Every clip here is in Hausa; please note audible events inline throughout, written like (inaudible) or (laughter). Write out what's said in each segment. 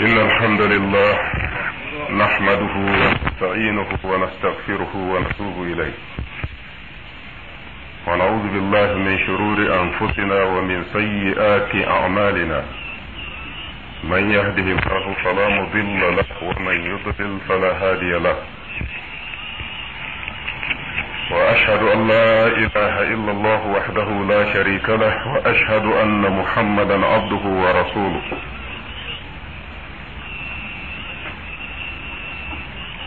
إن الحمد لله نحمده ونستعينه ونستغفره ونتوب إليه ونعوذ بالله من شرور أنفسنا ومن سيئات أعمالنا من يهده الله فلا مضل له ومن يضلل فلا هادي له واشهد ان لا اله الا الله وحده لا شريك له واشهد ان محمدا عبده ورسوله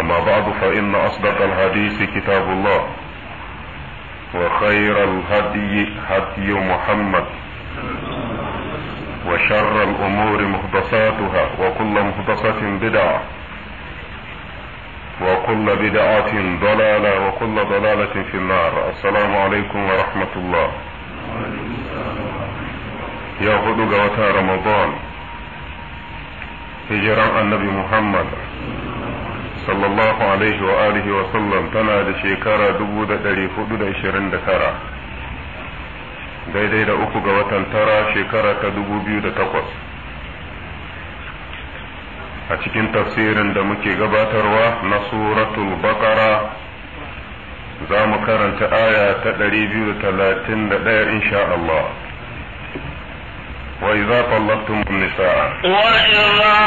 أما بعد فإن أصدق الحديث كتاب الله وخير الهدي هدي محمد وشر الأمور مهدساتها وكل مهدسة بدعة وكل بدعة ضلالة وكل ضلالة في النار السلام عليكم ورحمة الله يا وتا رمضان هجران النبي محمد sallallahu alaihi wa alihi wa sallam tana da shekara 429 daidai da uku ga watan tara shekara ta 2008 a cikin tafsirin da muke gabatarwa na suratul baqara za mu karanta aya ta 231 insha Allah وإذا طلقتم النساء وإذا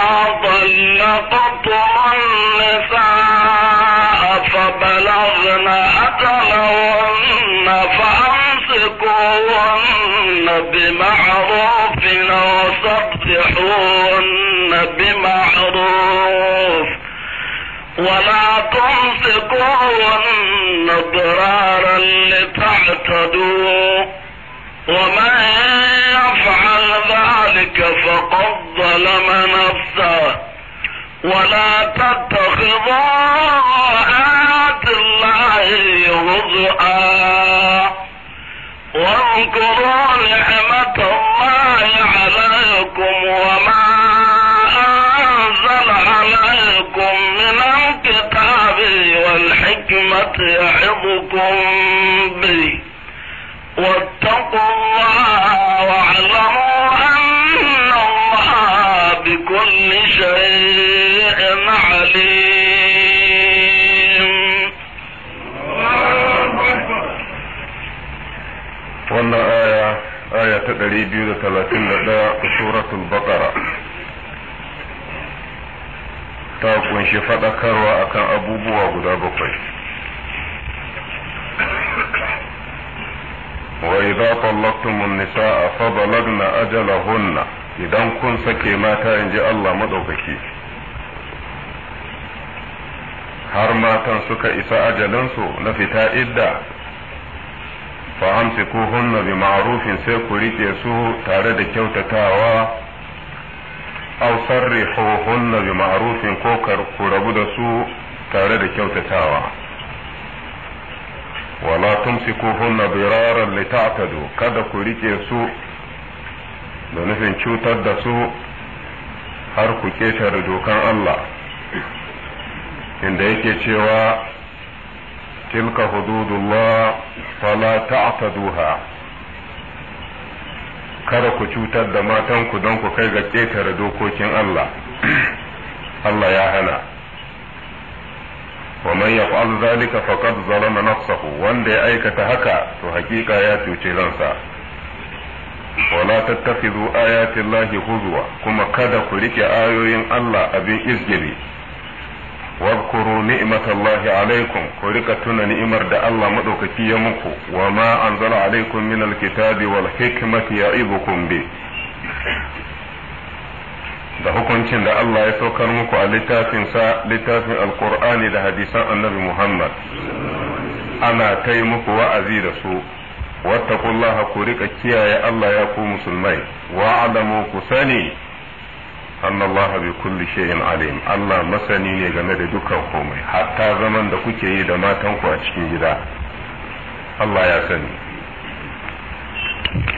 طلقتم النساء فبلغن أجلهن فأمسكوهن بمعروف أو سبحوهن بمعروف ولا تمسكوهن ضرارا ظلم نفسه ولا تتخذوا آيات الله هزؤا واذكروا نعمة الله عليكم وما أنزل عليكم من الكتاب والحكمة يعظكم به واتقوا الله واعلموا بكل شيء عليم ولا آية آية تدريبية بيو ثلاثين لدى سورة البقرة تاكون شفاد أكاروا أكا أبوبوا أبدا بقيت وإذا طلقتم النساء فبلغن أجلهن idan kun sake mata in ji Allah maɗaukaki har matan suka isa ajalansu na fita idda fa amsikuhunna bi ma'rufin sai ku riƙe su tare da kyautatawa aw sarrihuhunna bi ma'rufin ko ku rabu da su tare da kyautatawa wala tumsikuhunna biraran lita'tadu kada ku riƙe su da nufin cutar da su har ku ƙetare dokan Allah inda yake cewa tilka hududullah fala ta'taduha kada ku cutar da matanku don ku kai ga ƙetare dokokin Allah (clears throat) Allah ya hana wa man yaf'al zalika faqad zalama nafsahu wanda ya aikata haka to hakika ya cuce ransa wala tattakhidhu ayati llahi huzwa kuma kada ku rike ayoyin Allah abin izgili wadhkuru ni'matallahi alaykum ku rika tuna ni'imar da Allah madaukaki ya muku wa ma anzala alaykum min alkitabi wal hikmati ya'idukum bi da hukuncin da Allah ya saukar muku a littafin sa littafin alqur'ani da hadisan annabi muhammad ana kai muku wa'azi da su Wata واتقوا الله كوريك كيايا الله يكون مسلمي واعلموا كساني أن الله بكل شيء عليم الله مسني ne game da dukkan komai hatta zaman da kuke yi da matan ku a cikin gida Allah ya sani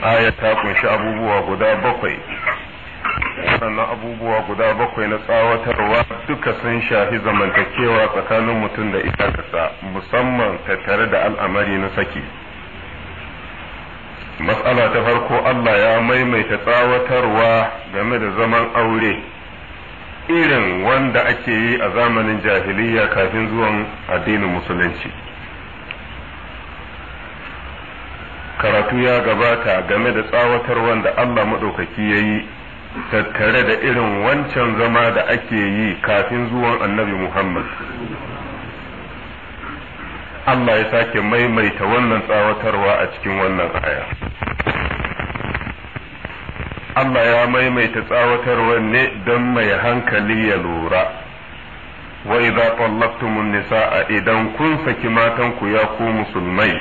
aya ta kunshi abubuwa guda bakwai sannan abubuwa guda bakwai na tsawatarwa duka sun shafi zamantakewa tsakanin mutum da iyakarsa musamman tattare da al'amari na saki matsala ta farko Allah ya maimaita tsawatarwa game da zaman aure irin wanda ake yi a zamanin jahiliya kafin zuwan addinin musulunci karatu ya gabata game da tsawatar wanda Allah maɗaukaki ya yi tattare da irin wancan zama da ake yi kafin zuwan annabi Muhammad Allah ya sake maimaita wannan tsawatarwa a cikin wannan aya. Allah ya maimaita tsawatarwar ne don mai hankali ya lura. Wa idza tallaqtumun nisa'a idan kun saki matanku ya ku musulmai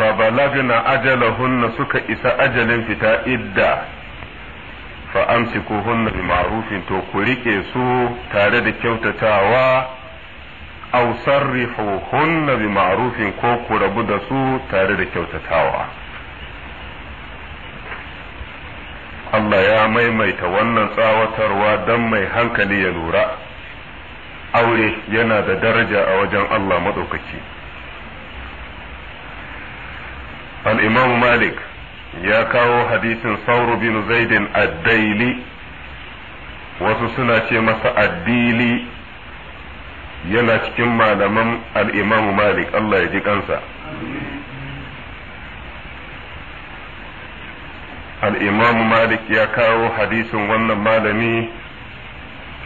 fa balagna ajalahunna suka isa ajalin fita idda fa amsikuhunna bi ma'rufin to ku rike su tare da kyautatawa aw sarrihuhunna bi maarufin ko ku rabu da su tare da kyautatawa Allah ya maimaita wannan tsawatarwa don mai hankali ya lura aure yana da daraja a wajen Allah maɗaukaki al-imam malik ya kawo hadisin sauro bin zaidin addaili wasu suna ce masa addili yana cikin malaman al'imamu malik Allah ya ji kansa alimam malik ya kawo hadisin wannan malami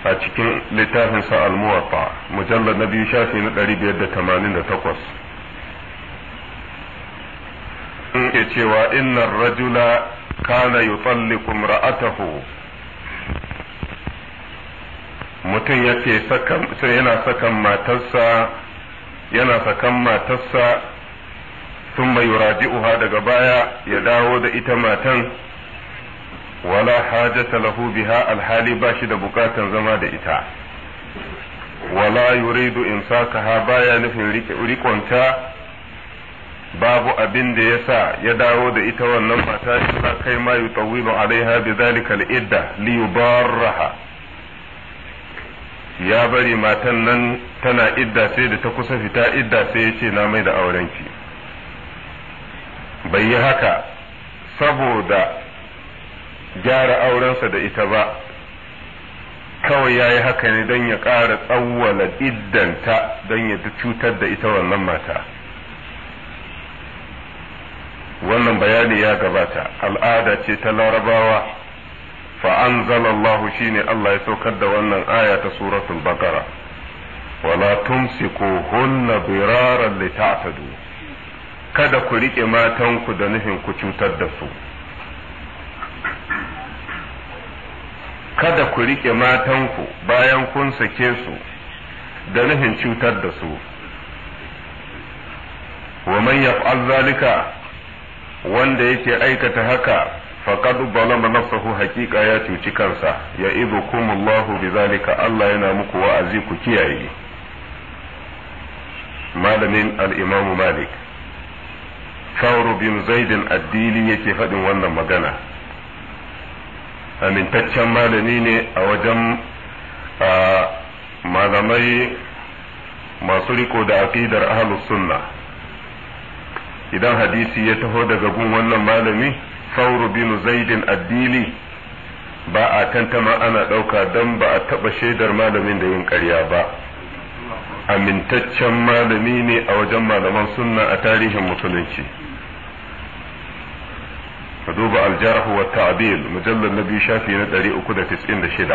a cikin littafinsa al-muwatta mujallar na biyu shafi na 588 in ke cewa innan rajula kana yutalliqu ra'atahu. mutum ya ce yana sakan matarsa yana sakan matarsa sun mai yuraji'uha daga baya ya dawo da ita matan wala haja talahu biha alhali ba shi da bukatan zama da ita wala yuridu ha baya nufin rikonta babu abin da ya sa ya dawo da ita wannan mata shi kai ma yutawilu alaiha bi zalika al-idda li yubarraha ya bari matan nan tana idda sai da ta kusa fita idda sai ya ce na mai da aurenki bai yi haka saboda gyara aurensa da ita ba kawai ya yi haka ne don ya ƙara tsawwala iddanta don ya cutar da ita wannan mata wannan bayani ya gabata al'ada ce ta larabawa fa anzalallahu shine Allah ya saukar da wannan aya ta suratul baqara wala tumsikuhunna biraran lita'tadu kada ku rike matanku da nufin ku cutar da su kada ku rike matanku bayan kun sake su da nufin cutar da su wa man yaf'al zalika wanda yake aikata haka faqad zalama nafsahu haqiqa ya cuci kansa ya idhukumullahu bizalika Allah yana muku wa'azi ku kiyaye malamin al-Imam Malik Sauro bin Zaidin addini yake faɗin wannan magana amintaccen malami ne a wajen malamai masu riko da aqidar ahlus idan hadisi ya taho daga gun wannan malami sauru bin zaidin addili ba a tantama ana ɗauka don ba a taɓa shaidar malamin da yin ƙarya ba amintaccen malami ne a wajen malaman sunna a tarihin musulunci ka duba aljarhu wa mujallar na biyu shafi na 396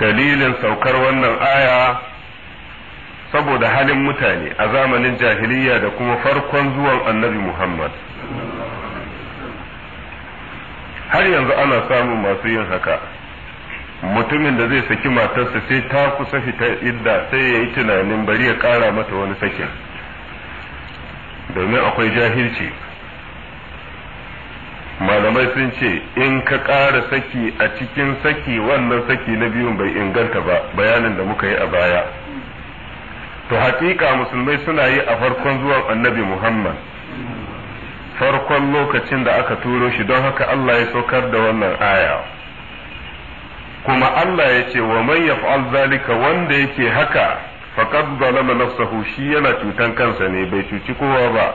dalilin saukar wannan aya saboda halin mutane a zamanin jahiliya da kuma farkon zuwan annabi muhammad har yanzu ana samun masu yin haka mutumin da zai saki matarsa sai ta kusa fita idda sai ya yi tunanin bari ya kara mata wani sakin domin akwai jahilci malamai sun ce in ka ƙara saki a cikin saki wannan saki na biyun bai inganta ba bayanin da muka yi a baya to hakika musulmai suna yi a farkon zuwan annabi muhammad farkon lokacin da aka turo shi don haka Allah ya saukar da wannan aya kuma Allah ya ce wa man yaf'al zalika wanda yake haka faqad zalama nafsahu shi yana cutan kansa ne bai cuci kowa ba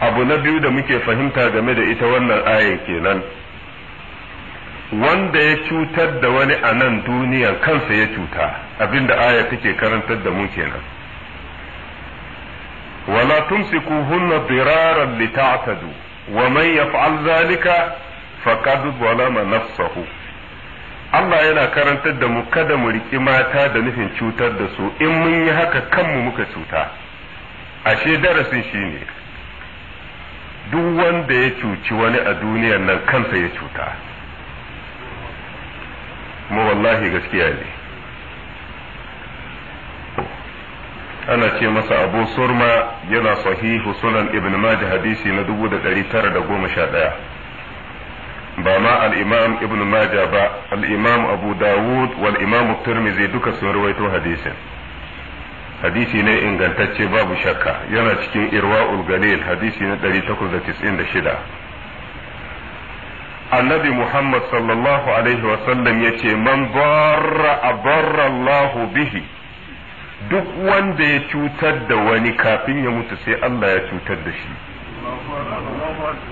abu na biyu da muke fahimta game da ita wannan ayan kenan wanda ya cutar da wani a nan duniya kansa ya cuta abinda aya take karantar da mu kenan ولا تمسكوهن ضرارا لتعتدوا ومن يفعل ذلك فقد ظلم نفسه Allah yana karantar da mu kada mu riƙi mata da nufin cutar da su in mun yi haka kanmu muka cuta ashe darasin shi ne duk wanda ya cuci wani a duniyar nan kansa ya cuta mu wallahi gaskiya ne ana ce masa abu surma yana sahihu sunan ibn maja hadisi na 1911 ba ma al-imam ibn maja ba al-imam abu dawud wal imam tirmidhi duka sun rawaito hadisin hadisi ne ingantacce babu shakka yana cikin irwa galil hadisi na 896 annabi muhammad sallallahu alaihi wasallam ya ce man barra a barra allahu bihi duk wanda ya cutar da wani kafin ya mutu sai Allah ya cutar da shi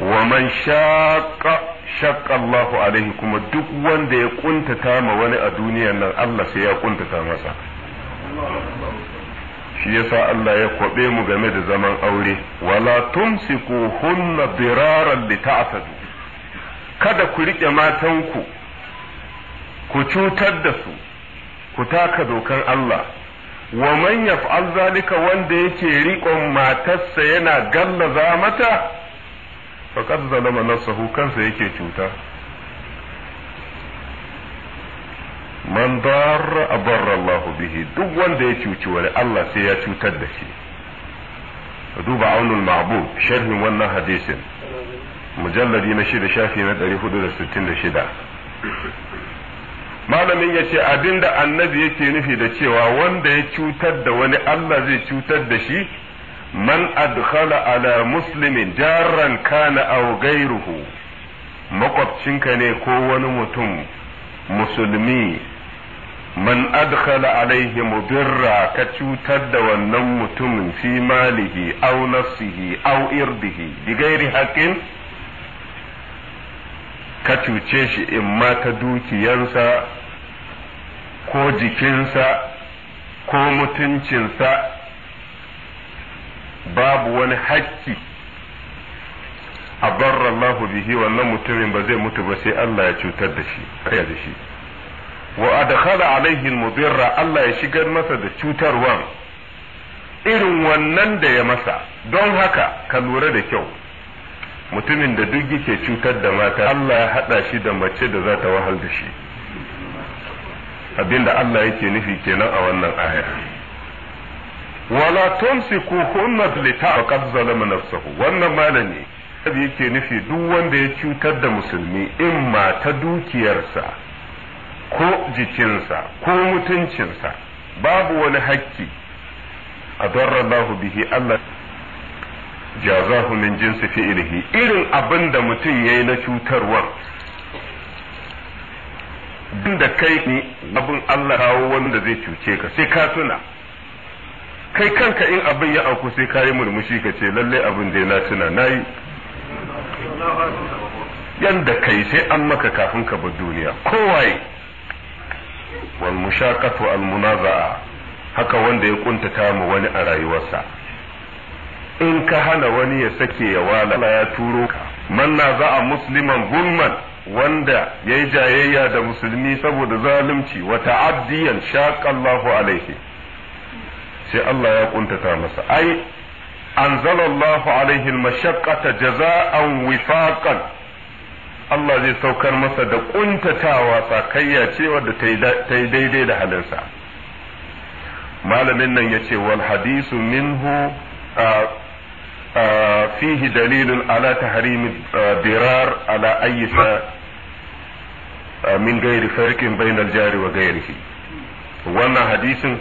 wa man shaqqa shaqqa Allahu alaihi kuma duk wanda ya kuntata ma wani a duniyar nan Allah sai ya kuntata masa shi yasa Allah ya kwabe mu game da zaman aure wala tumsiku hunna diraran li ta'tadu kada ku rike matanku ku cutar da su ku taka dokar Allah wa man yaf'al zalika wanda yake riƙon matarsa yana gallaza mata faqad zalama nafsahu kansa yake cuta man dar abarra Allah bihi duk wanda ya cuci wani Allah sai ya cutar da shi duba aunul ma'bu sharhin wannan hadisin mujalladi na shida shafi na 466 malamin ya ce abinda annabi yake nufi da cewa wanda ya cutar da wani Allah zai cutar da shi man adkhala ala muslimin jarran kana aw gairuhu makwabcinka ne ko wani mutum musulmi man adkhala alaihi mudirra ka cutar da wannan mutumin fi malihi aw nafsihi aw irdihi bi ghairi haqqin ka cuce shi in ma ta dukiyarsa ko jikinsa ko mutuncinsa babu wani hakki a Allah bihi wannan mutumin ba zai mutu ba sai Allah ya cutar da shi kaya da shi wa adkhala alaihi mubirra Allah ya shigar masa da cutarwan irin wannan da ya masa don haka ka lura da kyau mutumin da duk yake cutar da mata Allah ya hada shi da mace da za ta wahal da shi abinda Allah yake nufi kenan a wannan aya wala tumsikuhunna ta'qad zalama nafsuhu wannan malami yake nufi duk wanda ya cutar da musulmi in ma ta dukiyarsa ko jikinsa ko mutuncinsa babu wani hakki adarra bihi Allah jazahu min jinsi fi'lihi irin abin da mutum yayi na cutarwa duk da kai ni abin Allah kawo wanda zai cuce ka sai ka tuna kai kanka in abin ya auku sai ka murmushi ka ce lalle abin da na tuna nayi yanda kai sai an maka kafin ka bar duniya kowaye wal mushaqatu al munaza'a haka wanda ya kuntata mu wani a rayuwarsa in ka hana wani ya sake ya wala Allah ya turo man Manna za a musliman gulman wanda ya yi jayayya da musulmi saboda zalunci wata ta'addiyan shaqallahu alaihi sai Allah ya kuntata masa ai anzalallahu alaihi mashaƙata jaza'an wifaqan Allah zai saukar masa da kuntatawa sakayya ce wadda ta yi daidai da halinsa malamin nan ya ce wal hadisu minhu فيه دليل على تحريم الضرار على أي من غير فرق بين الجار وغيره wannan hadisin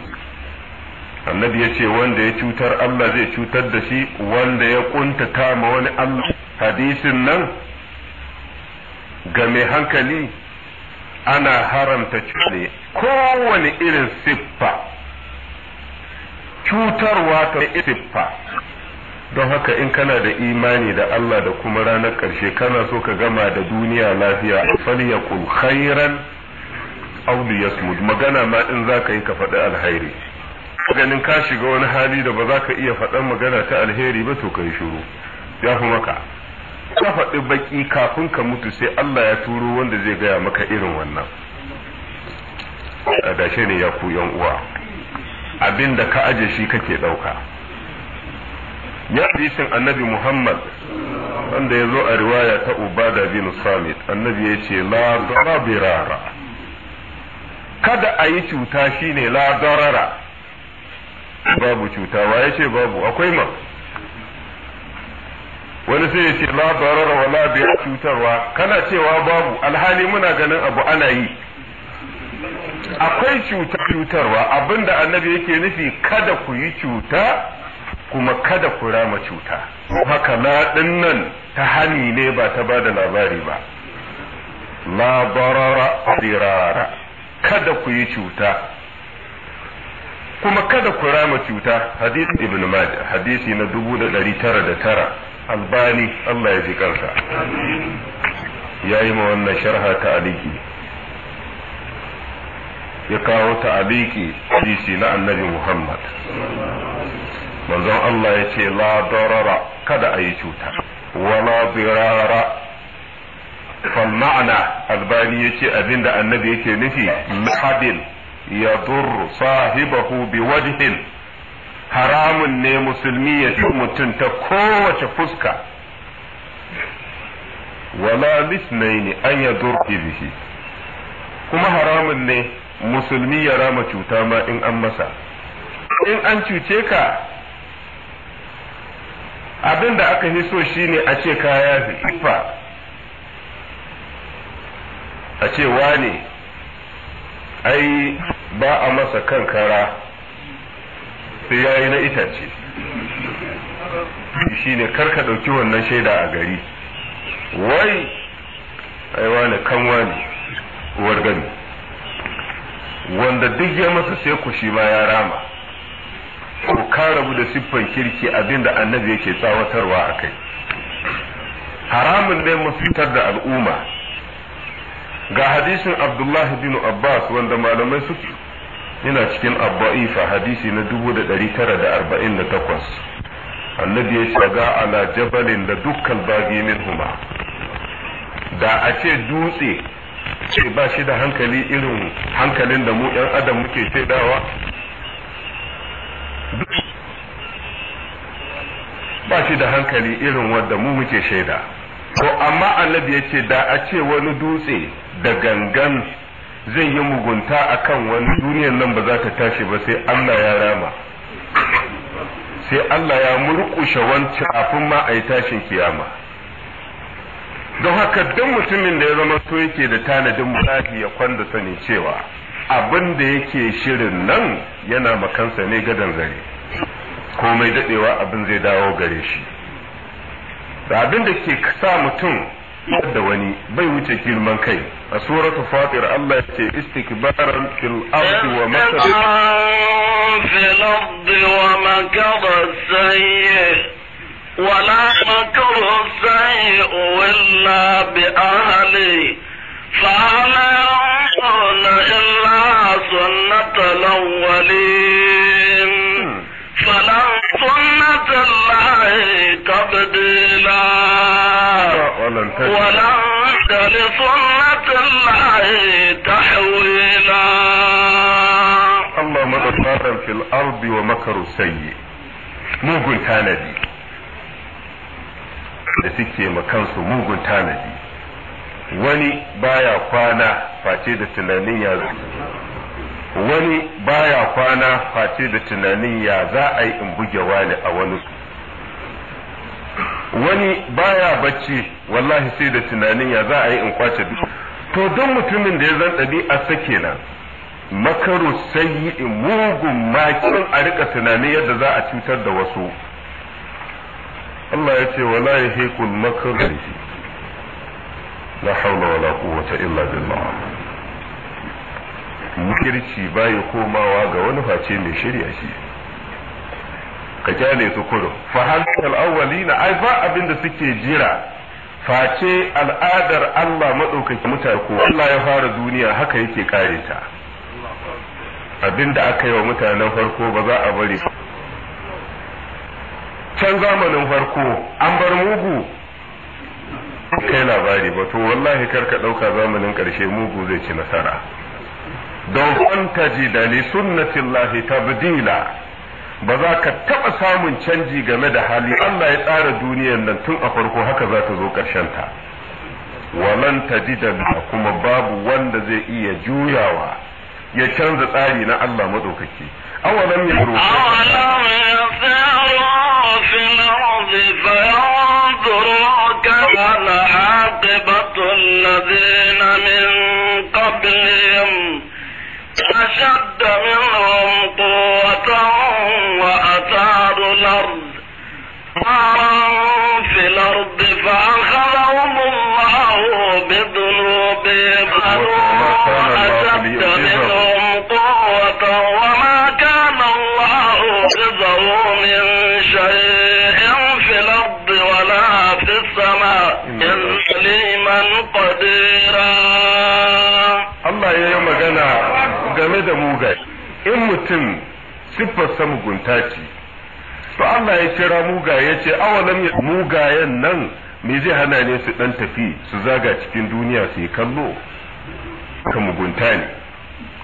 annabi ya ce wanda ya cutar Allah zai cutar da shi wanda ya kuntata ma wani Allah hadisin nan ga mai hankali ana haramta cune kowane irin siffa cutarwa ta siffa don haka in kana da imani da Allah da kuma ranar ƙarshe kana so ka gama da duniya lafiya falyakul khairan aw liyasmud magana ma in zaka yi ka faɗi alheri ganin ka shiga wani hali da ba za ka iya faɗan magana ta alheri ba to kai shiru ya fi maka ka faɗi baki kafin ka mutu sai Allah ya turo wanda zai gaya maka irin wannan a dashe ne ya ku yan uwa Abinda ka aje shi kake ɗauka ya hadisin annabi Muhammad wanda ya zo a riwaya ta Ubada bin Samit annabi ya ce la darabirara kada a yi cuta shine la darara babu cuta wa ya ce babu akwai ma wani sai ya ce la darara wa la biya cutarwa kana cewa babu alhali muna ganin abu ana yi akwai cuta cutarwa abinda annabi yake nufi kada ku yi cuta kuma kada ku rama cuta haka la nan ta hani ne ba ta ba da labari ba la barara dirara kada ku yi cuta kuma kada ku rama cuta hadith ibn majah hadisi na 1909 albani Allah ya ji karsa. ya yi ma wannan sharha ta aliki ya kawo ta aliki hadisi na annabi muhammad manzon Allah ya ce la darara kada a yi cuta wala dirara fal ma'ana albani ya ce abinda annabi yake nufi hadin ya dur sahibahu bi wajhin haramun ne musulmi ya ci mutum ta kowace fuska wala lisnaini an ya dur bihi kuma haramun ne musulmi ya rama cuta ma in an masa in an cuce ka abin da aka fi so shi ne a ce ka ifa a ce wane ai ba a masa kan kara sai ya yi na itace shi kar ka ɗauki wannan shaida a gari wai ai wane kan wane uwar gani wanda duk ya masa sai ku shi ma ya rama to ka rabu da siffan kirki abinda annabi yake tsawatarwa a kai haramun ne mafitar da al'umma ga hadisin abdullah bin abbas wanda malamai suke yana cikin abba'ifa hadisi na 1948 annabi ya shiga ala jabalin da dukkan bagi min huma da a ce dutse ce ba shi da hankali irin hankalin da mu 'yan adam muke shaidawa ba shi da hankali irin wanda mu muke shaida ko amma annabi ya ce da a ce wani dutse da gangan zai yi mugunta a kan wani duniyar nan ba za ta tashi ba sai Allah ya rama sai Allah ya murƙushe wancan kafin ma a yi tashin kiyama don haka duk mutumin da ya zama so yake da tanadin murafi ya kwanda sani cewa abin da yake shirin nan yana makansa ne gadan zare komai dadewa abin zai dawo gare shi da abin da ke sa mutum da wani bai wuce girman kai a suratu fatir Allah ya ce istikbaran fil ardi wa makar يتبعون إلا سنة الأولين فلا سنة الله تبديلا ولن لسنة الله تحويلا الله مدى في الأرض ومكر سيء mugun tanadi da suke makansu mugun tanadi wani baya kwana face da tunanin ya wani baya kwana face da tunanin ya za a yi in buge wani a wani wani baya bacci wallahi sai da tunanin ya za a yi in kwace duk to don mutumin da ya zan ɗabi'a sake na makaru sayi mugun makin a rika tunanin yadda za a cutar da wasu Allah ya ce wala ya hekul makaru la haula wala quwwata illa billah mukirci ba ya komawa ga wani face mai shirya shi ka kyale su kudu fa hankalin na ai ba abin da suke jira face al'adar Allah maɗaukaki mutane ko Allah ya fara duniya haka yake kare ta abin da aka yi wa mutanen farko ba za a bari can zamanin farko an bar mugu kai labari ba to wallahi karka ɗauka zamanin ƙarshe mugu zai ci nasara don an tajida li sunnatillahi tabdila ba za ka taɓa samun canji game da hali Allah ya tsara duniyar nan tun a farko haka za ta zo ƙarshen ta walan tajida kuma babu wanda zai iya juyawa ya canza tsari na Allah madaukaki awalan ya rufe كان عاقبة الذين من قبلهم أشد منهم قوة وأثار الأرض نارا في الأرض فأخذهم الله بذنوبهم أشد منهم قوة وما كان الله بظلوم من شيء في الأرض ولا في السماء إن لمن قديرا الله يا يوم game da mugaye in mutum siffarsa mugunta ce to Allah ya kira mugaye ce awalan mugayen nan me zai hana ne su dan tafi su zaga cikin duniya su yi kallo ka mugunta ne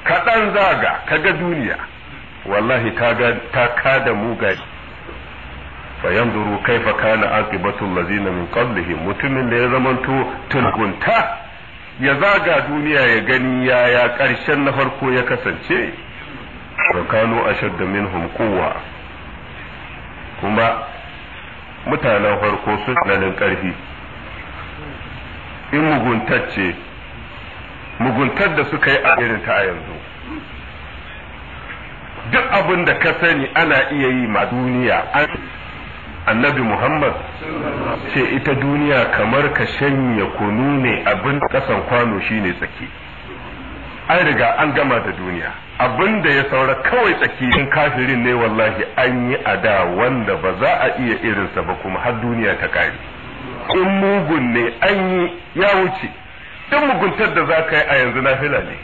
kaɗan zaga ka ga duniya wallahi ta kada mugaye fayan duru kaifa kana aqibatu lazina min qablihim mutumin da ya zamanto tulgunta ya zaga duniya ya gani yaya ƙarshen na farko ya kasance wa kanu da minhum kowa kuma mutanen farko sun tsananin ƙarfi in muguntacce muguntar da suka yi a irin ta a yanzu duk abin da ka sani ana iya yi ma duniya annabi muhammad ce ita duniya kamar ka shanya kunu ne abin kasan kwano shine tsaki an riga an gama da duniya abin da ya saura kawai tsaki in kafirin ne wallahi an yi ada wanda ba za a iya irinsa ba kuma har duniya ta kare in mugun ne an yi ya wuce duk muguntar da za ka yi a yanzu na fila ne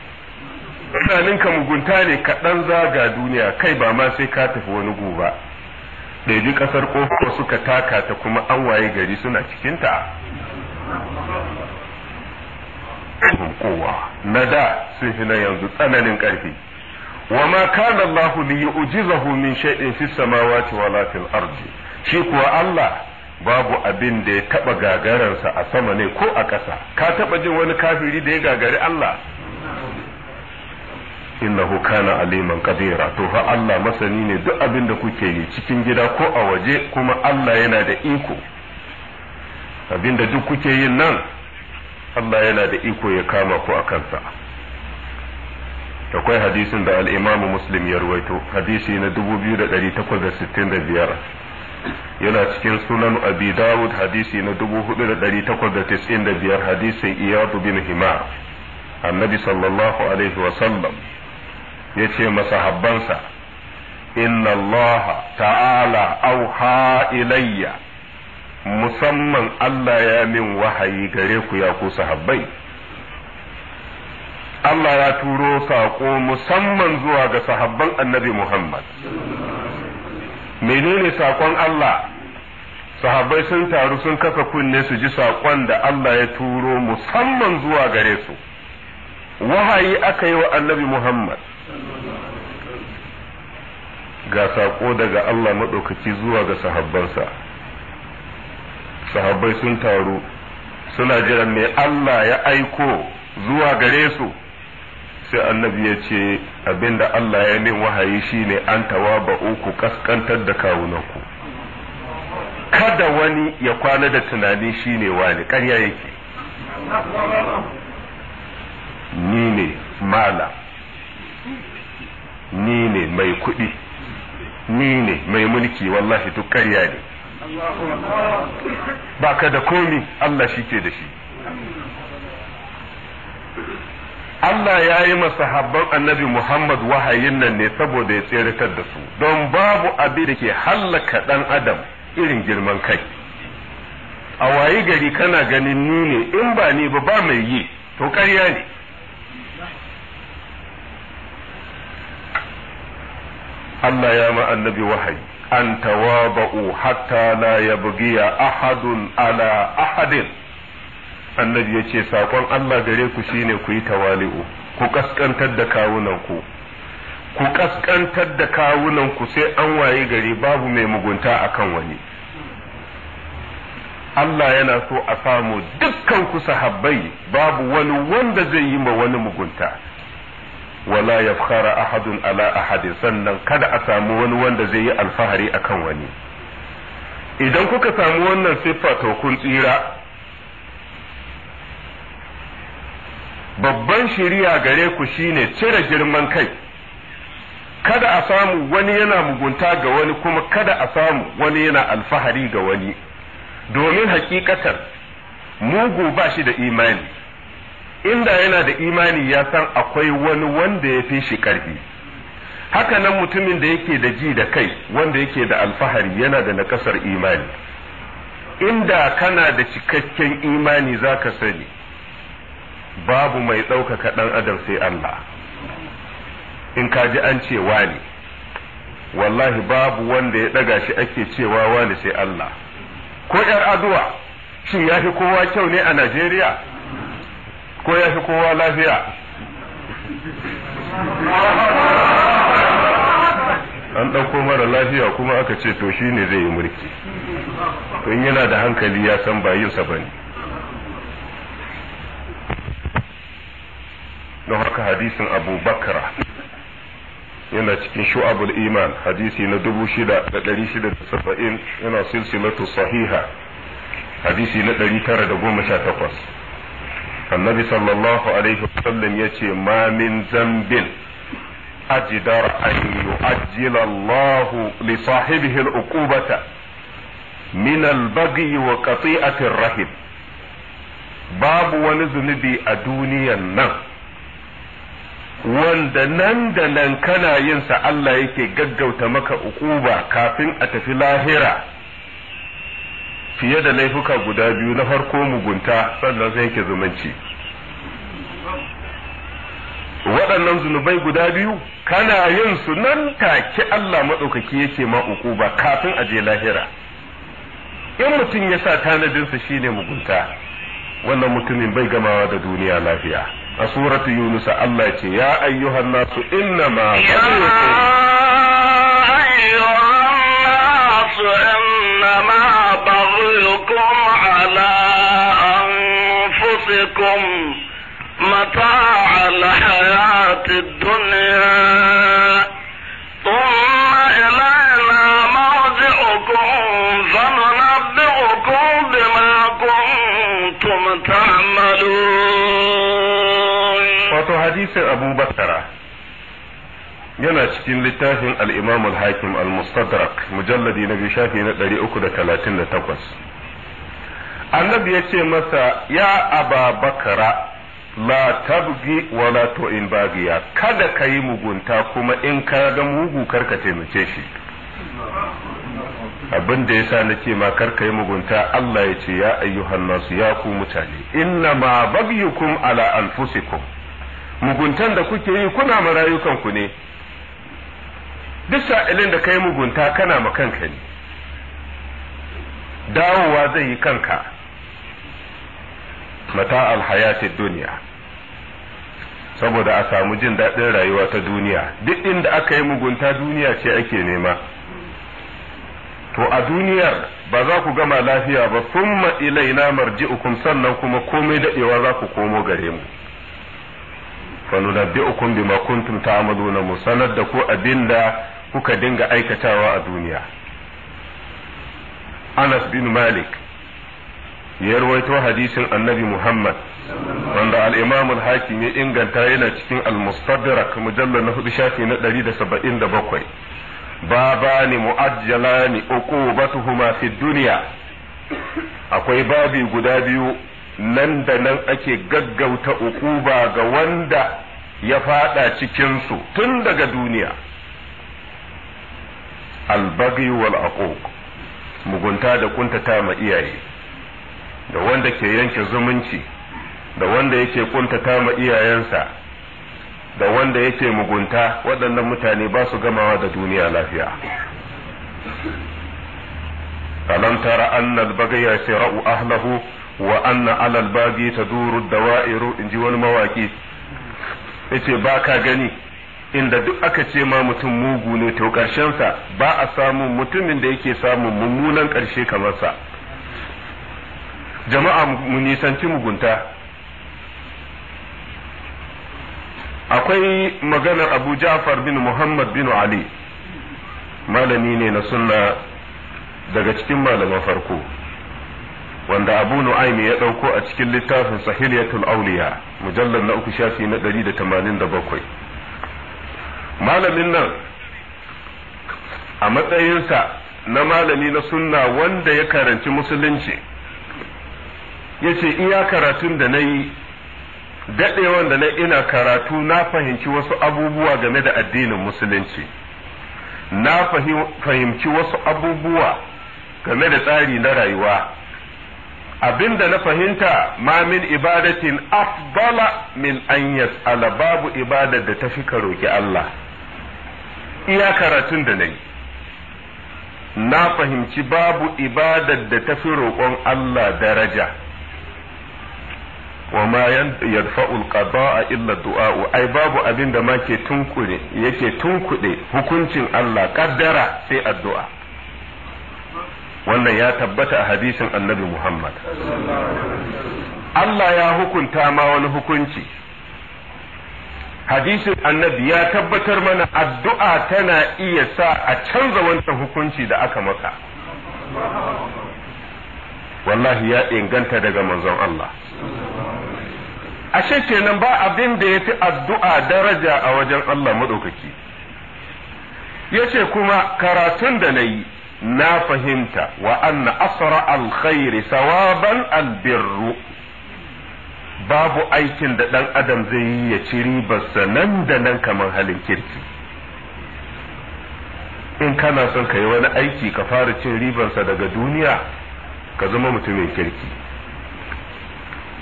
tunaninka mugunta ne kaɗan zaga duniya kai ba ma sai ka tafi wani gobe ɗabi ƙasar ƙofa suka taka ta kuma an waye gari suna cikinta kowa na da sun fi na yanzu tsananin ƙarfi wa ma kana Allah li yu'jizahu min shay'in fis samawati wala fil ardi shi kuwa Allah babu abin da ya taba gagararsa a sama ne ko a ƙasa ka taba jin wani kafiri da ya gagari Allah innahu kana aliman qadira to fa Allah masani ne duk abin da kuke yi cikin gida ko a waje kuma Allah yana da iko abin da duk kuke yin nan Allah yana da iko ya kama ku a kansa akwai hadisin da al-Imam Muslim ya ruwaito hadisi na 2865 yana cikin sunan Abi Dawud hadisi na 4895 hadisin Iyad bin Himar annabi sallallahu alaihi wa sallam ya ce masahabbansa inna Allah ta'ala auha ilayya musamman Allah ya min wahayi gare ku ya ku sahabbai Allah ya turo saƙo musamman zuwa ga sahabban annabi Muhammad menene saƙon Allah sahabbai sun taru sun kafa kunne su ji saƙon da Allah ya turo musamman zuwa gare su wahayi aka yi wa annabi Muhammad ga saƙo daga Allah maɗaukaki zuwa ga sahabbansa sahabbai sun taru suna jiran mai Allah ya aiko zuwa gare su sai annabi ya ce abinda Allah ya min wahayi shine an tawaba uku kaskantar da kawunanku kada wani ya kwana da tunani shine wani ƙarya yake ni ne mala ni ne mai kuɗi ni ne mai mulki wallahi duk ƙarya ne ba ka da komi Allah shi ke da shi Allah ya yi masahabban annabi Muhammad wahayin nan ne saboda ya tseratar da su don babu abin da ke hallaka ɗan adam irin girman kai a wayi gari kana ganin ni ne in ba ni ba ba mai yi to ƙarya ne Allah ya ma annabi wahayi an tawaba'u hatta la yabghiya ahadun ala ahadin annabi yace sakon saƙon Allah gare ku shine ku yi tawali'u ku kaskantar da kawunanku ku kaskantar da kawunan ku sai an waye gari babu mai mugunta akan wani Allah yana so a samu dukkan ku sahabbai babu wani wanda zai yi ma wani mugunta wala yafkhara ahadun ala ahadin sannan kada a samu wani wanda zai yi alfahari akan wani idan kuka samu wannan siffa to kun tsira babban shiriya gare ku shine cire girman kai kada a samu wani yana mugunta ga wani kuma kada a samu wani yana alfahari ga wani domin hakikatar mugu ba shi da imani inda yana da imani ya san akwai wani wanda ya fi shi karfi haka nan mutumin da yake da ji da kai wanda yake da alfahari yana da nakasar imani inda kana da cikakken imani za ka sani babu mai ɗaukaka ɗan adam sai Allah in ka ji an ce wani wallahi babu wanda ya ɗaga shi ake cewa wani sai Allah ko ‘yar aduwa shin ya fi kowa kyau ne a Najeriya ko ya fi kowa lafiya an ɗauko mara lafiya kuma aka ce to shi ne zai yi mulki to in yana da hankali ya san ba yinsa ba ne don haka hadisin abu bakara yana cikin shu'abul iman hadisi na dubu shida da dari shida da saba'in yana silsilatu sahiha hadisi na ɗari tara da goma sha takwas annabi sallallahu alaihi wasallam ya ce ma min zambin أجدر أن يؤجل الله لصاحبه العقوبة من البغي وقطيعة الرحم باب ونزندي أدوني النم wanda nan da nan kana yinsa Allah yake gaggauta maka ukuba kafin a tafi lahira fiye da laifuka guda biyu na farko mugunta sannan sai yake zumunci waɗannan zunubai guda biyu kana yin su nan take Allah maɗaukaki yake ma ba kafin a je lahira in mutum ya sa tanadinsa shine mugunta wannan mutumin bai gamawa da duniya lafiya a suratu yunus Allah ce ya ayyuhan nasu innama ya ayyuhan الناس أنما بغيكم على أنفسكم متاع الحياة الدنيا ثم إلينا مرجعكم فننبئكم بما كنتم تعملون. وتحديث أبو بكر yana cikin littafin al-Imam al-Hakim al-Mustadrak mujalladi na biyu shafi na 338 annabi ya ce masa ya aba bakara la tabgi wa la tu'in bagiya kada ka yi mugunta kuma in ka ga mugu karka taimake shi abin da yasa nake ma karka yi mugunta Allah ya ce ya ayyuhan nasu ya ku mutane inna ma bagyukum ala anfusikum muguntan da kuke yi kuna marayukan ku ne duk sa'ilin da kai mugunta kana ma kanka ne dawowa zai yi kanka mata alhayatid duniya saboda a samu jin daɗin rayuwa ta duniya duk inda aka yi mugunta duniya ce ake nema to a duniyar ba za ku gama lafiya ba sun summa ilaina marji'ukum sannan kuma komai daɗewa za ku komo gare mu nunabbi'ukum bima kuntum ta'maluna mu sanar da ku abinda kuka dinga aikatawa a duniya Anas bin Malik ya rawaito hadisin annabi Muhammad wanda al-Imam al-Hakim ya inganta yana cikin al-Mustadrak mujallal na hudu shafi na 177 babani mu'ajjalani uqubatuhuma fi duniya. akwai babi guda biyu nan da nan ake gaggauta uquba ga wanda ya fada cikin su tun daga duniya albagi wal aqoq mugunta da kuntata ma iyaye da wanda ke yanke zumunci da wanda yake kuntata ma iyayensa da wanda yake mugunta waɗannan mutane ba su gamawa da duniya lafiya alam tara anna albagi yasra'u ahlahu wa anna ala al-baghi taduru dawairu inji wani mawaki yace baka gani inda duk aka ce ma mutum mugu ne to sa ba a samu mutumin da yake samun mummunan ƙarshe kamar sa jama'a mu nisanci mugunta akwai maganar abu ja'far bin muhammad bin ali malami ne na sunna daga cikin malaman farko wanda abu nu'aimi ya ɗauko a cikin littafin sahiliyatul auliya mujallar na uku shafi na 187 malamin nan a matsayinsa na malami na sunna wanda ya karanci musulunci ya ce iya karatun da na yi daɗewan da na ina karatu na fahimci wasu abubuwa game da addinin musulunci na fahimci wasu abubuwa game da tsari na rayuwa Abin da na fahimta ma min ibadatin afdala min an yas'ala babu ibadar da ta ka roki Allah iya karatun da na yi na fahimci babu ibadar da ta fi roƙon Allah daraja wa ma yadfa'ul qada'a illa du'a'u ai babu abin da ma ke tunkure yake tunkuɗe hukuncin Allah kaddara sai addu'a wannan ya tabbata a hadisin annabi Muhammad Allah ya hukunta ma wani hukunci hadisin annabi ya tabbatar mana addu'a tana iya sa a canza wancan hukunci da aka maka wallahi ya inganta daga manzon Allah ashe kenan ba abin da ya fi addu'a daraja a wajen Allah maɗaukaki yace kuma karatun da na yi na fahimta wa anna asra alkhairi sawaban albirru babu aikin da ɗan adam zai yi ya ci ribarsa nan da nan kamar halin kirki in kana son ka yi wani aiki ka fara cin ribarsa daga duniya ka zama mutumin kirki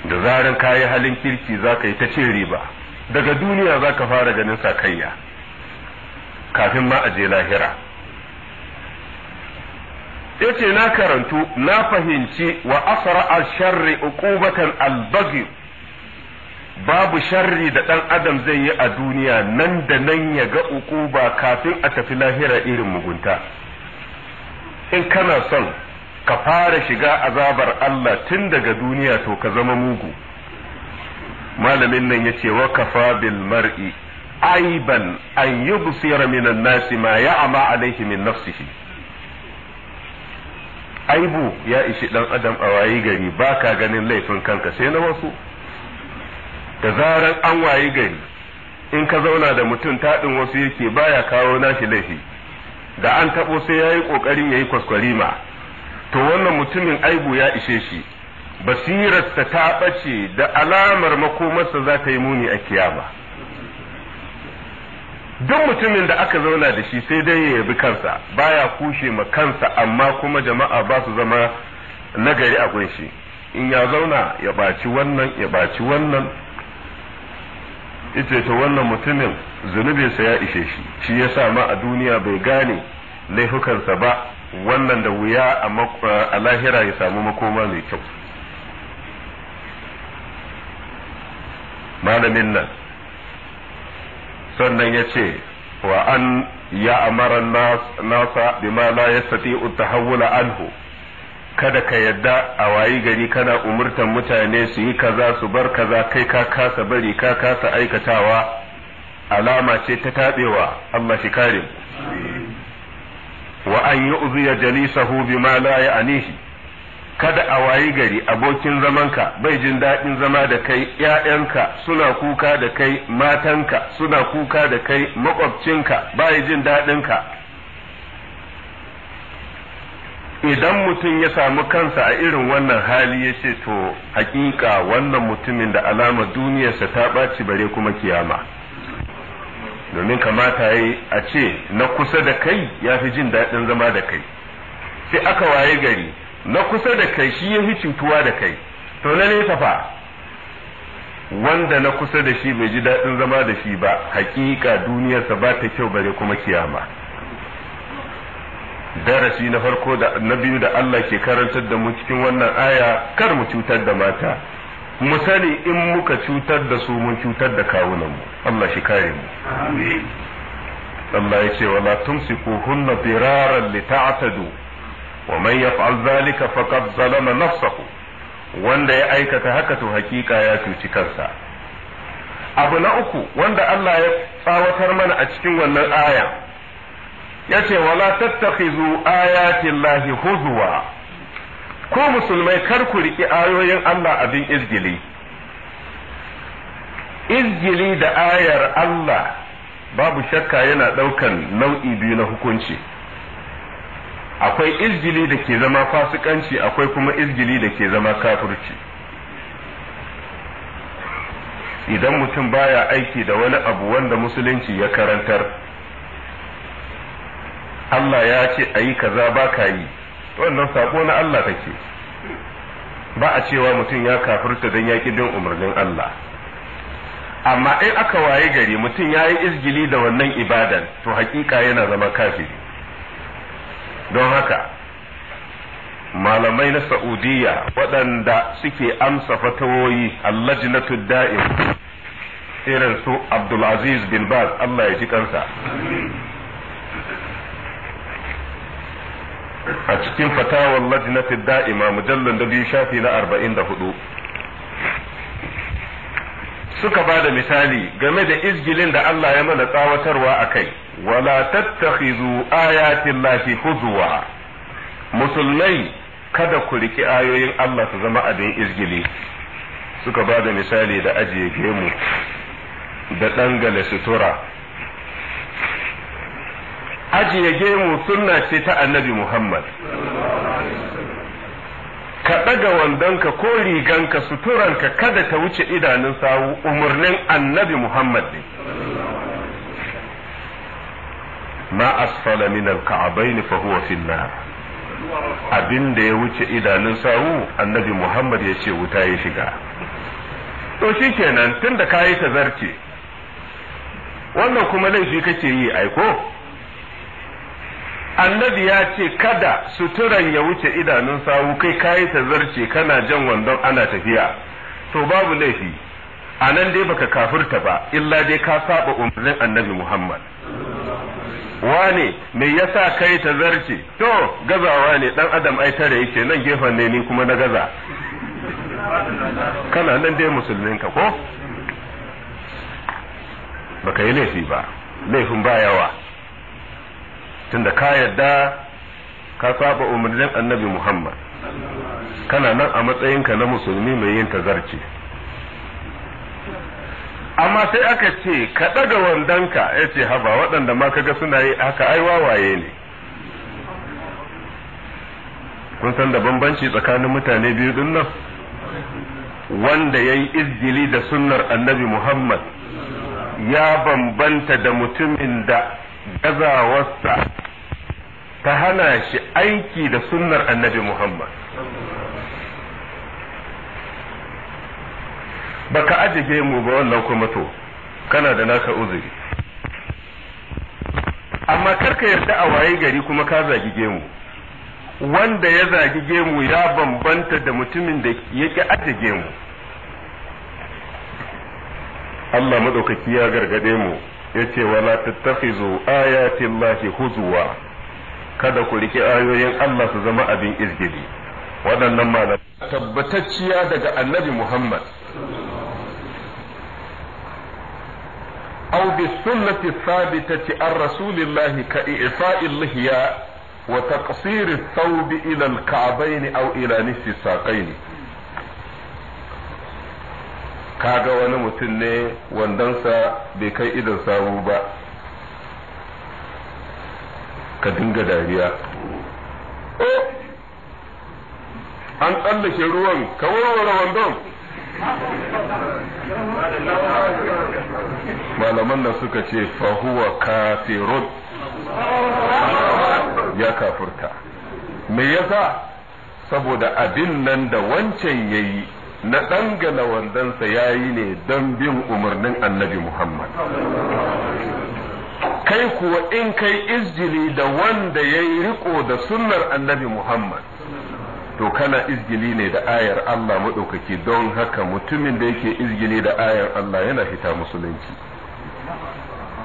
da zaran ka yi halin kirki za ka yi ta cin riba daga duniya za ka fara ganin sa sakayya kafin ma a je lahira ya ce na karantu na fahimci wa asra sharri uqubatan al-baghi babu sharri da ɗan adam zai yi a duniya nan da nan ya ga ba kafin a tafi lahira irin mugunta in kana son ka fara shiga azabar Allah tun daga duniya to ka zama mugu malamin nan ya ce wa kafa bil mar'i aiban an yubsira minan nasi ma ya'ma alaihi min nafsihi aibu ya ishi dan adam a wayi gari baka ganin laifin kanka sai na wasu da zarar an wayi gari in ka zauna da mutum taɗin wasu yake baya kawo nashi laifi da an taɓo sai ya yi ƙoƙarin ya yi kwaskwarima to wannan mutumin aibu ya ishe shi basirarsa ta ɓace da alamar makomarsa za ta yi muni a kiyama duk mutumin da aka zauna da shi sai dai ya yabi kansa baya kushe ma kansa amma kuma jama'a ba su zama nagari a gunshi in ya zauna ya ɓaci wannan ya ɓaci wannan ita ta wannan mutumin zunubinsa ya ishe shi shi ya sa ma a duniya bai gane laifukansa ba wannan da wuya a lahira ya samu makoma mai kyau malamin nan sannan ya ce wa an ya amara nasa bima la yastati'u tahawula anhu kada ka yadda a wayi gari kana umurtan mutane su yi kaza su bar kaza kai ka kasa bari ka kasa aikatawa alama ce ta taɓewa Allah shi kare wa an yi uziya jalisahu bima la ya'nihi kada a wayi gari abokin zamanka bai jin daɗin zama da kai ‘ya'yanka suna kuka da kai matanka suna kuka da kai makwabcinka bai jin daɗinka idan mutum ya samu kansa a irin wannan hali ya ce to hakika wannan mutumin da alama duniyarsa ta ɓaci bare kuma kiyama domin kamata ya a ce na kusa da kai ya fi jin daɗin zama da kai sai aka waye gari na kusa da kai shi ya fi cutuwa da kai to na nesa fa wanda na kusa da shi bai ji daɗin zama da shi ba hakika duniyarsa ba ta kyau bare kuma kiyama darasi na farko da na biyu da Allah ke karantar da mu cikin wannan aya kar mu cutar da mata mu sani in muka cutar da su mun cutar da kawunan mu Allah shi kare mu amin Allah ya ce wala hunna diraran ta'tadu wa man yaf'al zalika faqad zalama nafsahu wanda ya aikata haka to hakika ya cuci kansa abu na uku wanda Allah ya tsawatar mana a cikin wannan aya Ya yace wala tattakhizu ayati llahi huzwa ko musulmai kar ku riki ayoyin Allah abin izgili izgili da ayar Allah babu shakka yana daukan nau'i biyu na hukunci akwai izgili da ke zama fasikanci akwai kuma izgili da ke zama kafirci idan mutum baya aiki da wani abu wanda musulunci ya karantar Allah ya ce a yi kaza ba ka yi wannan saƙo na Allah take ba a cewa mutum ya kafirta don ya bin umarnin Allah amma in aka waye gari mutum ya yi izgili da wannan ibadan to hakika yana zama kafiri don haka malamai na sa'udiyya waɗanda suke amsa fatawoyi allajnatu da'im irin su abdulaziz bin baz Allah ya ji kansa a cikin fatawar lajnati da'ima mujallar da biyu shafi na arba'in da hudu suka ba da misali game da izgilin da Allah ya mana tsawatarwa a kai wala tattakhizu ayatin lafi huzuwa musulmai kada ku riki ayoyin Allah su zama abin izgili suka ba da misali da ajiye gemu da ɗangale sutura ajiye gemu sunna ce ta annabi Muhammad ka ɗaga wandonka ko riganka suturanka kada ta wuce idanun sawu umarnin annabi Muhammad ne ma asfala min alka'abaini fa huwa fi nar abin da ya wuce idanun sawu annabi Muhammad ya ce wuta ya shiga to shikenan tunda ta zarce wannan kuma laifi kake yi aiko annabi ya ce kada suturan ya wuce idanun sawu kai kayi ta zarce kana jan wandon ana tafiya to babu laifi a nan dai baka kafirta ba illa dai ka saba umarnin annabi muhammad wane me yasa kai ta zarce to gazawa ne dan adam ai tare yake nan gefen ne ni kuma na gaza kana nan dai musulmin ka ko baka yi laifi ba laifin ba yawa tunda ka yadda ka saba umarnin annabi Muhammad kana nan a matsayinka na musulmi mai yin tazarci amma sai aka ce ka ɗaga wandonka ya ce haba waɗanda ma kaga suna yi haka ai waye ne kun san da bambanci tsakanin mutane biyu din nan wanda ya yi izgili da sunnar annabi Muhammad ya bambanta da mutumin da gazawarsa ta hana shi aiki da sunnar annabi Muhammad. Baka ajiye mu ba wannan kuma to, kana da naka uzuri. Amma karka yarda a waye gari kuma ka zagi gemu. Wanda ya zagi gemu ya bambanta da mutumin da yake ajiye gemu. Allah maɗaukaki ya gargade mu. yace wala tattakhizu ayati llahi huzwa kada ku rike ayoyin Allah su zama abin izgili waɗannan malam tabbatacciya daga annabi Muhammad aw bi sunnati thabitati an rasulillahi ka i'fa'il lihya wa taqsir ath-thawb ila al-ka'bayn aw ila nisfi ne. kaga wani mutum ne wandonsa bai kai idon sabu ba ka dinga dariya eh, an tsallake ruwan ka warware wandon malaman nan suka ce fahuwa kafirun ya kafurta me yasa saboda abin nan da wancan yayi na dangana wandonsa ya yi ne don bin umarnin annabi Muhammad. Kai kuwa in kai izgili da wanda ya yi riko da sunnar annabi Muhammad, to kana izgili ne da ayar Allah maɗaukaki don haka mutumin da yake izgili da ayar Allah yana fita musulunci.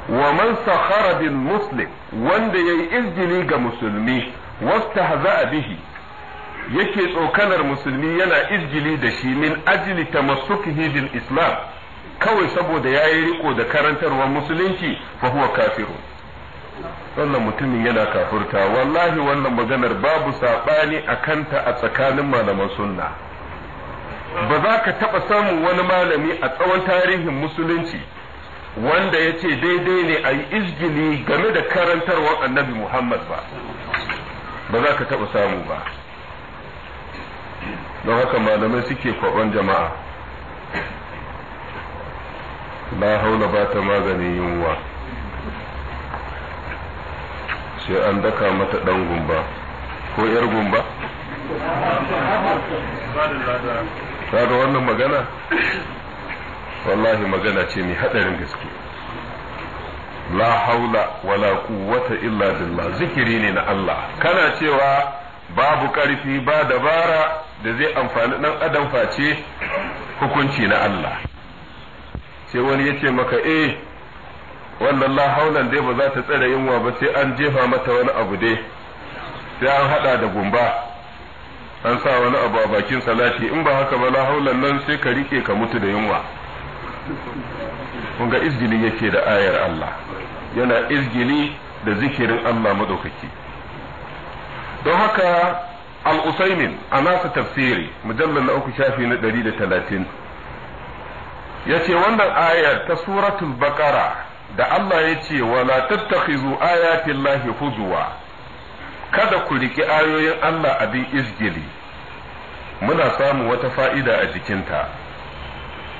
wa man sakhara bil muslim wanda yayi izgili ga musulmi wasta bihi yake tsokanar musulmi yana izgili da shi min ajli masu bil islam kawai saboda yayi riko da karantarwar musulunci fa huwa kafiru wannan mutumin yana kafurta. wallahi wannan maganar babu saɓani a kanta a tsakanin malaman sunna ba za ka taɓa samun wani malami a tsawon tarihin musulunci wanda ya ce daidai ne a yi izgili game da karantarwa annabi muhammad ba ba za ka taɓa samu ba don haka malamai suke kwaban jama'a la haula ba ta maganin yunwa sai an daka mata ɗan gumba ko ‘yar gumba kaga wannan magana wallahi magana ce mai haɗarin gaske la haula wala quwwata illa billah zikiri ne na Allah kana cewa babu ƙarfi ba dabara da zai amfani dan adam face hukunci na Allah sai wani ya ce maka eh wannan haulan dai ba za ta tsare yunwa ba sai an jefa mata wani abu dai sai an hada da gumba an sa wani abu a bakin salati in ba haka ba la nan sai ka rike ka mutu da yunwa kun ga izgili yake da ayar Allah yana izgili da zikirin Allah madaukaki don haka al-usaimin a nasa tafsiri mujallar na uku shafi na ɗari da talatin ya ce wannan ayar ta suratul baƙara da Allah ya ce wala tattakhizu ayatin lahi huzuwa kada ku riƙi ayoyin Allah abin izgili muna samun wata fa'ida a jikinta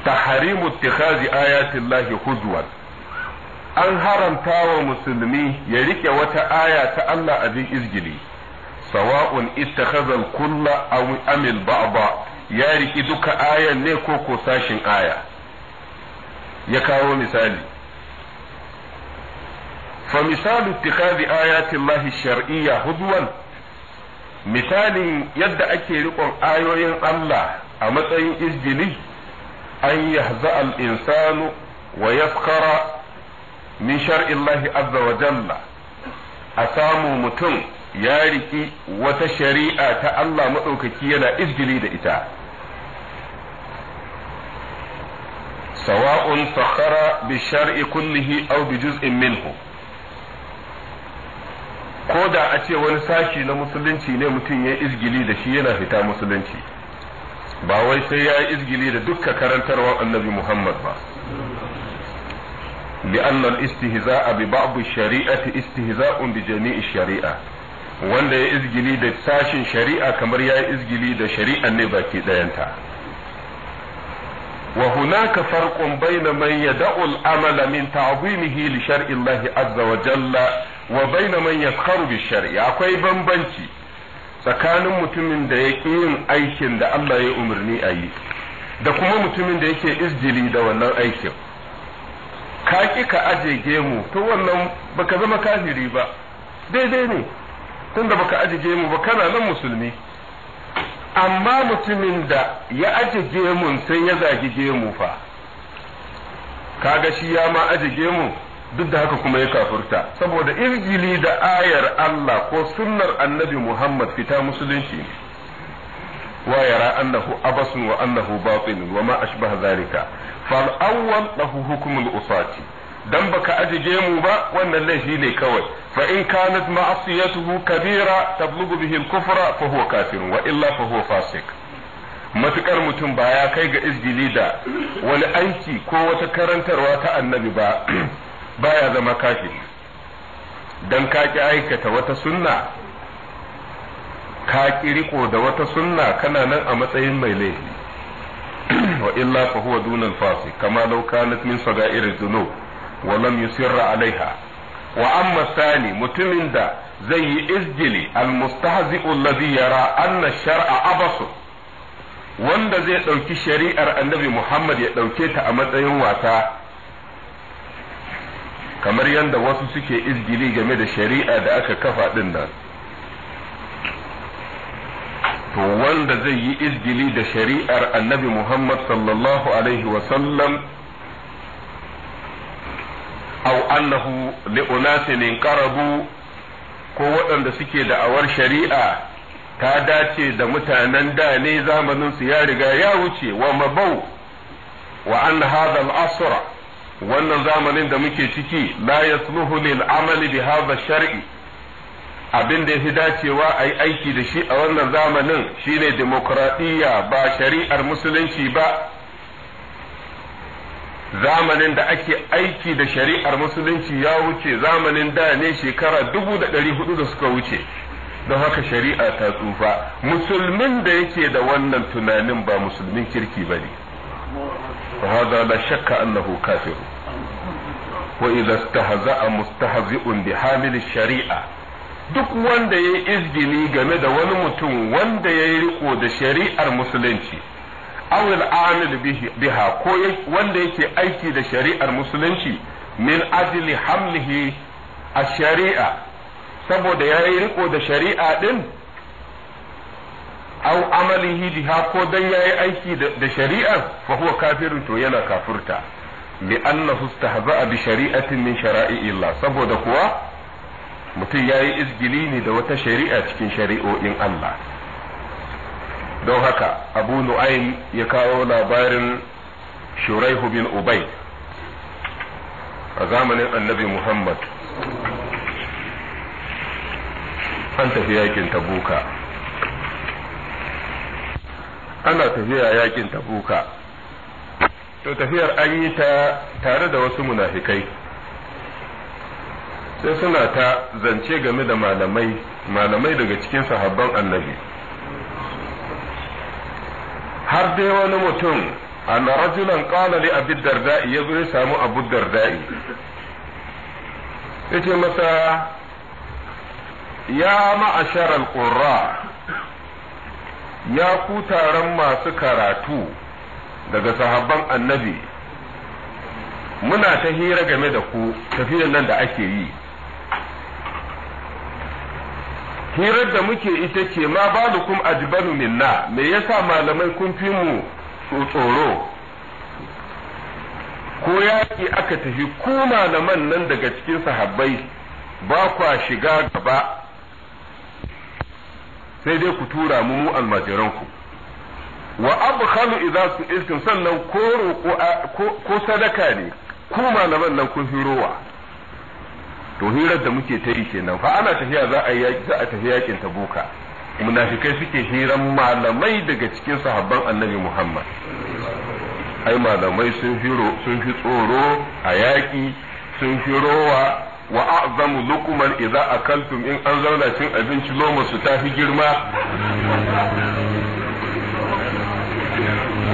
taharimu ittikhazi ayatin lahi huzuwa an haramta wa musulmi ya riƙe wata aya ta Allah abin izgili sawa'un ittakhadha kulla aw amil ya riki duka ayan ne ko ko sashin aya ya kawo misali fa misalu ittikhadhi ayati Allah shariyya hudwan misalin yadda ake riƙon ayoyin Allah a matsayin izgili an yahza al-insanu wa yaskara, min shar'illahi azza wa jalla a samu mutum ya riki wata shari'a ta Allah maɗaukaki yana izgili da ita sawa'un sakara bi shar'i kullihi au bi juz'in minhu ko da a ce wani sashi na musulunci ne mutum ya izgili da shi yana fita musulunci ba wai sai ya yi izgili da dukkan karantarwar annabi Muhammad ba لأن الاستهزاء ببعض الشريعة استهزاء بجميع الشريعة wanda ya izgili da sashin shari'a kamar ya izgili da shari'an ne baki ɗayanta wa hunaka farqun bayna man yad'u al-amala min ta'zimihi li shar'i Allah azza wa jalla wa bayna man yaskharu bi shar'i akwai bambanci tsakanin mutumin da yake yin aikin da Allah ya umarni a yi da kuma mutumin da yake izgili da wannan aikin ka ki ka aje gemu ta wannan baka zama kafiri ba daidai ne tunda baka ajiye mu ba kana nan musulmi amma mutumin da ya aje gemun sai ya zagi gemu fa kaga shi ya ma aje gemu duk da haka kuma ya kafurta saboda injili da ayar Allah ko sunnar annabi Muhammad fita musulunci ne wa yara annahu abasun wa annahu batin wa ma ashbaha zalika fal awwal lahu hukmul usati dan baka ajiye mu ba wannan laifi ne kawai fa in kanat ma'asiyatuhu kabira tablugu bihi al-kufra fa huwa kafirun wa illa fa huwa fasik matukar mutum ba ya kai ga izgili da wani aiki ko wata karantarwa ta annabi ba (clears throat) baya zama kafiri dan ka ki aikata wata sunna ka riko da wata sunna kana nan a matsayin mai laifi (clears throat) wa illa fa huwa dunal fasik kama law kanat min sagairil dhunub wa lam sirra alaiha wa amma sani mutumin da zai yi izgili almustahzi'u laziyara yara shar'a abasu wanda zai ɗauki shari'ar annabi Muhammad ya ɗauke ta a matsayin wasa kamar yadda wasu suke izgili game da shari'a da aka kafa ɗin nan to wanda zai yi izgili da shari'ar annabi Muhammad sallallahu alaihi wasallam au annahu li unasin ko waɗanda suke da'awar shari'a ta dace da mutanen da ne zamanin su ya riga ya wuce wa mabau wa an hadha al-asra wannan zamanin da muke ciki la yasluhu lil amali bi hadha shar'i abin da fi dacewa a yi aiki da shi a wannan zamanin shine dimokuraɗiyya ba shari'ar musulunci ba zamanin da ake aiki da shari'ar musulunci ya wuce zamanin da ne shekara dubu da ɗari hudu da suka wuce don haka shari'a ta tsufa musulmin da yake da wannan tunanin ba musulmin kirki ba ne وهذا لا شك أنه كافر وإذا استهزأ مستهزئ بحامل الشريعة duk wanda ya yi game da wani mutum wanda ya yi riko da shari'ar musulunci awil amil biha ko wanda yake aiki da shari'ar musulunci min ajli hamlihi a shari'a saboda ya yi riko da shari'a din aw amalihi biha ko dan ya yi aiki da shari'ar fa huwa kafirun to yana kafurta li annahu istahza'a bi shari'atin min shara'i'illah saboda kuwa mutum ya yi izgili ne da wata shari'a cikin shari'o'in Allah don haka abu Nu'aim ya kawo labarin shuraihu bin ubay a zamanin annabi muhammad an tafi yakin tabuka ana tafiya yakin tabuka to tafiyar an yi ta tare da wasu munafikai sai suna ta zance game da malamai malamai daga cikin sahabban annabi har dai wani mutum an rajulan qala li abi darda'i zo ya samu abu darda'i yace masa ya ma'ashar al-qurra ya ku taron masu karatu daga sahabban annabi muna ta hira game da ku tafiyar nan da ake yi hirar da muke ita ce ma balukum ajbanu minna me yasa malamai kun fi mu tsoro ko yaƙi aka tafi ku malaman nan daga cikin sahabbai ba kwa shiga gaba sai dai ku tura mu mu almajiranku wa abkhalu idza su'iltum sannan ko ko sadaka ne ku malaman nan kun fi rowa to hirar da muke ta yi kenan fa ana tafiya za a za a tafi yakin tabuka munafikai suke hiran malamai daga cikin sahabban annabi muhammad ai malamai sun fi sun fi tsoro a yaƙi sun fi rowa wa a'zamu lukuman idza akaltum in an zauna cin abinci loma su tafi girma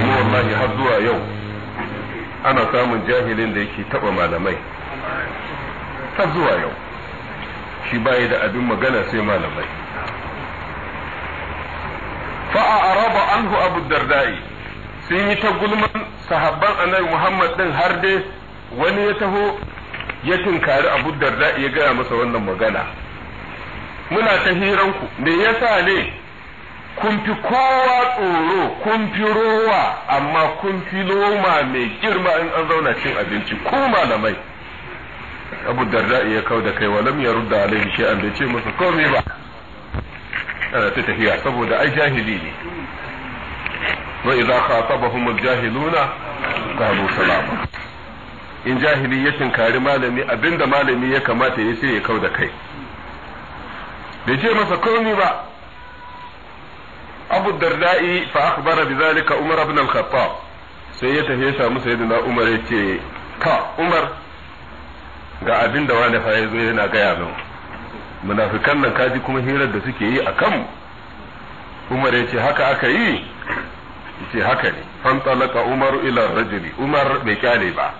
mu wallahi har zuwa yau ana samun jahilin da yake taba malamai har zuwa yau shi baya da abin magana sai malamai fa'a araba anhu abu dardai sun yi ta gulman sahabban annabi muhammad din har dai wani ya taho ya tinkari abu dardai ya gaya masa wannan magana muna ta hiranku me yasa ne kun fi kowa tsoro kun fi rowa amma kun fi loma mai girma in an zauna cin abinci ko malamai abu darda ya kau da kai walam ya rudda alaihi shay'an bai ce masa komai ba ana ta tafiya saboda ai jahili ne wa idza khatabahum al-jahiluna qalu salama in jahili ya tinkari malami abinda malami ya kamata ya ce ya kau da kai bai ce masa komai ba abu darda'i fa akhbara bidhalika umar ibn al-khattab sai ya tafi ya samu sayyidina umar yace ka umar ga abin da wani fa yazo yana gaya min munafikan nan kaji kuma hirar da suke yi a kan umar ya ce haka aka yi ce haka ne fantalaka umar ila rajuli umar bai kyale ba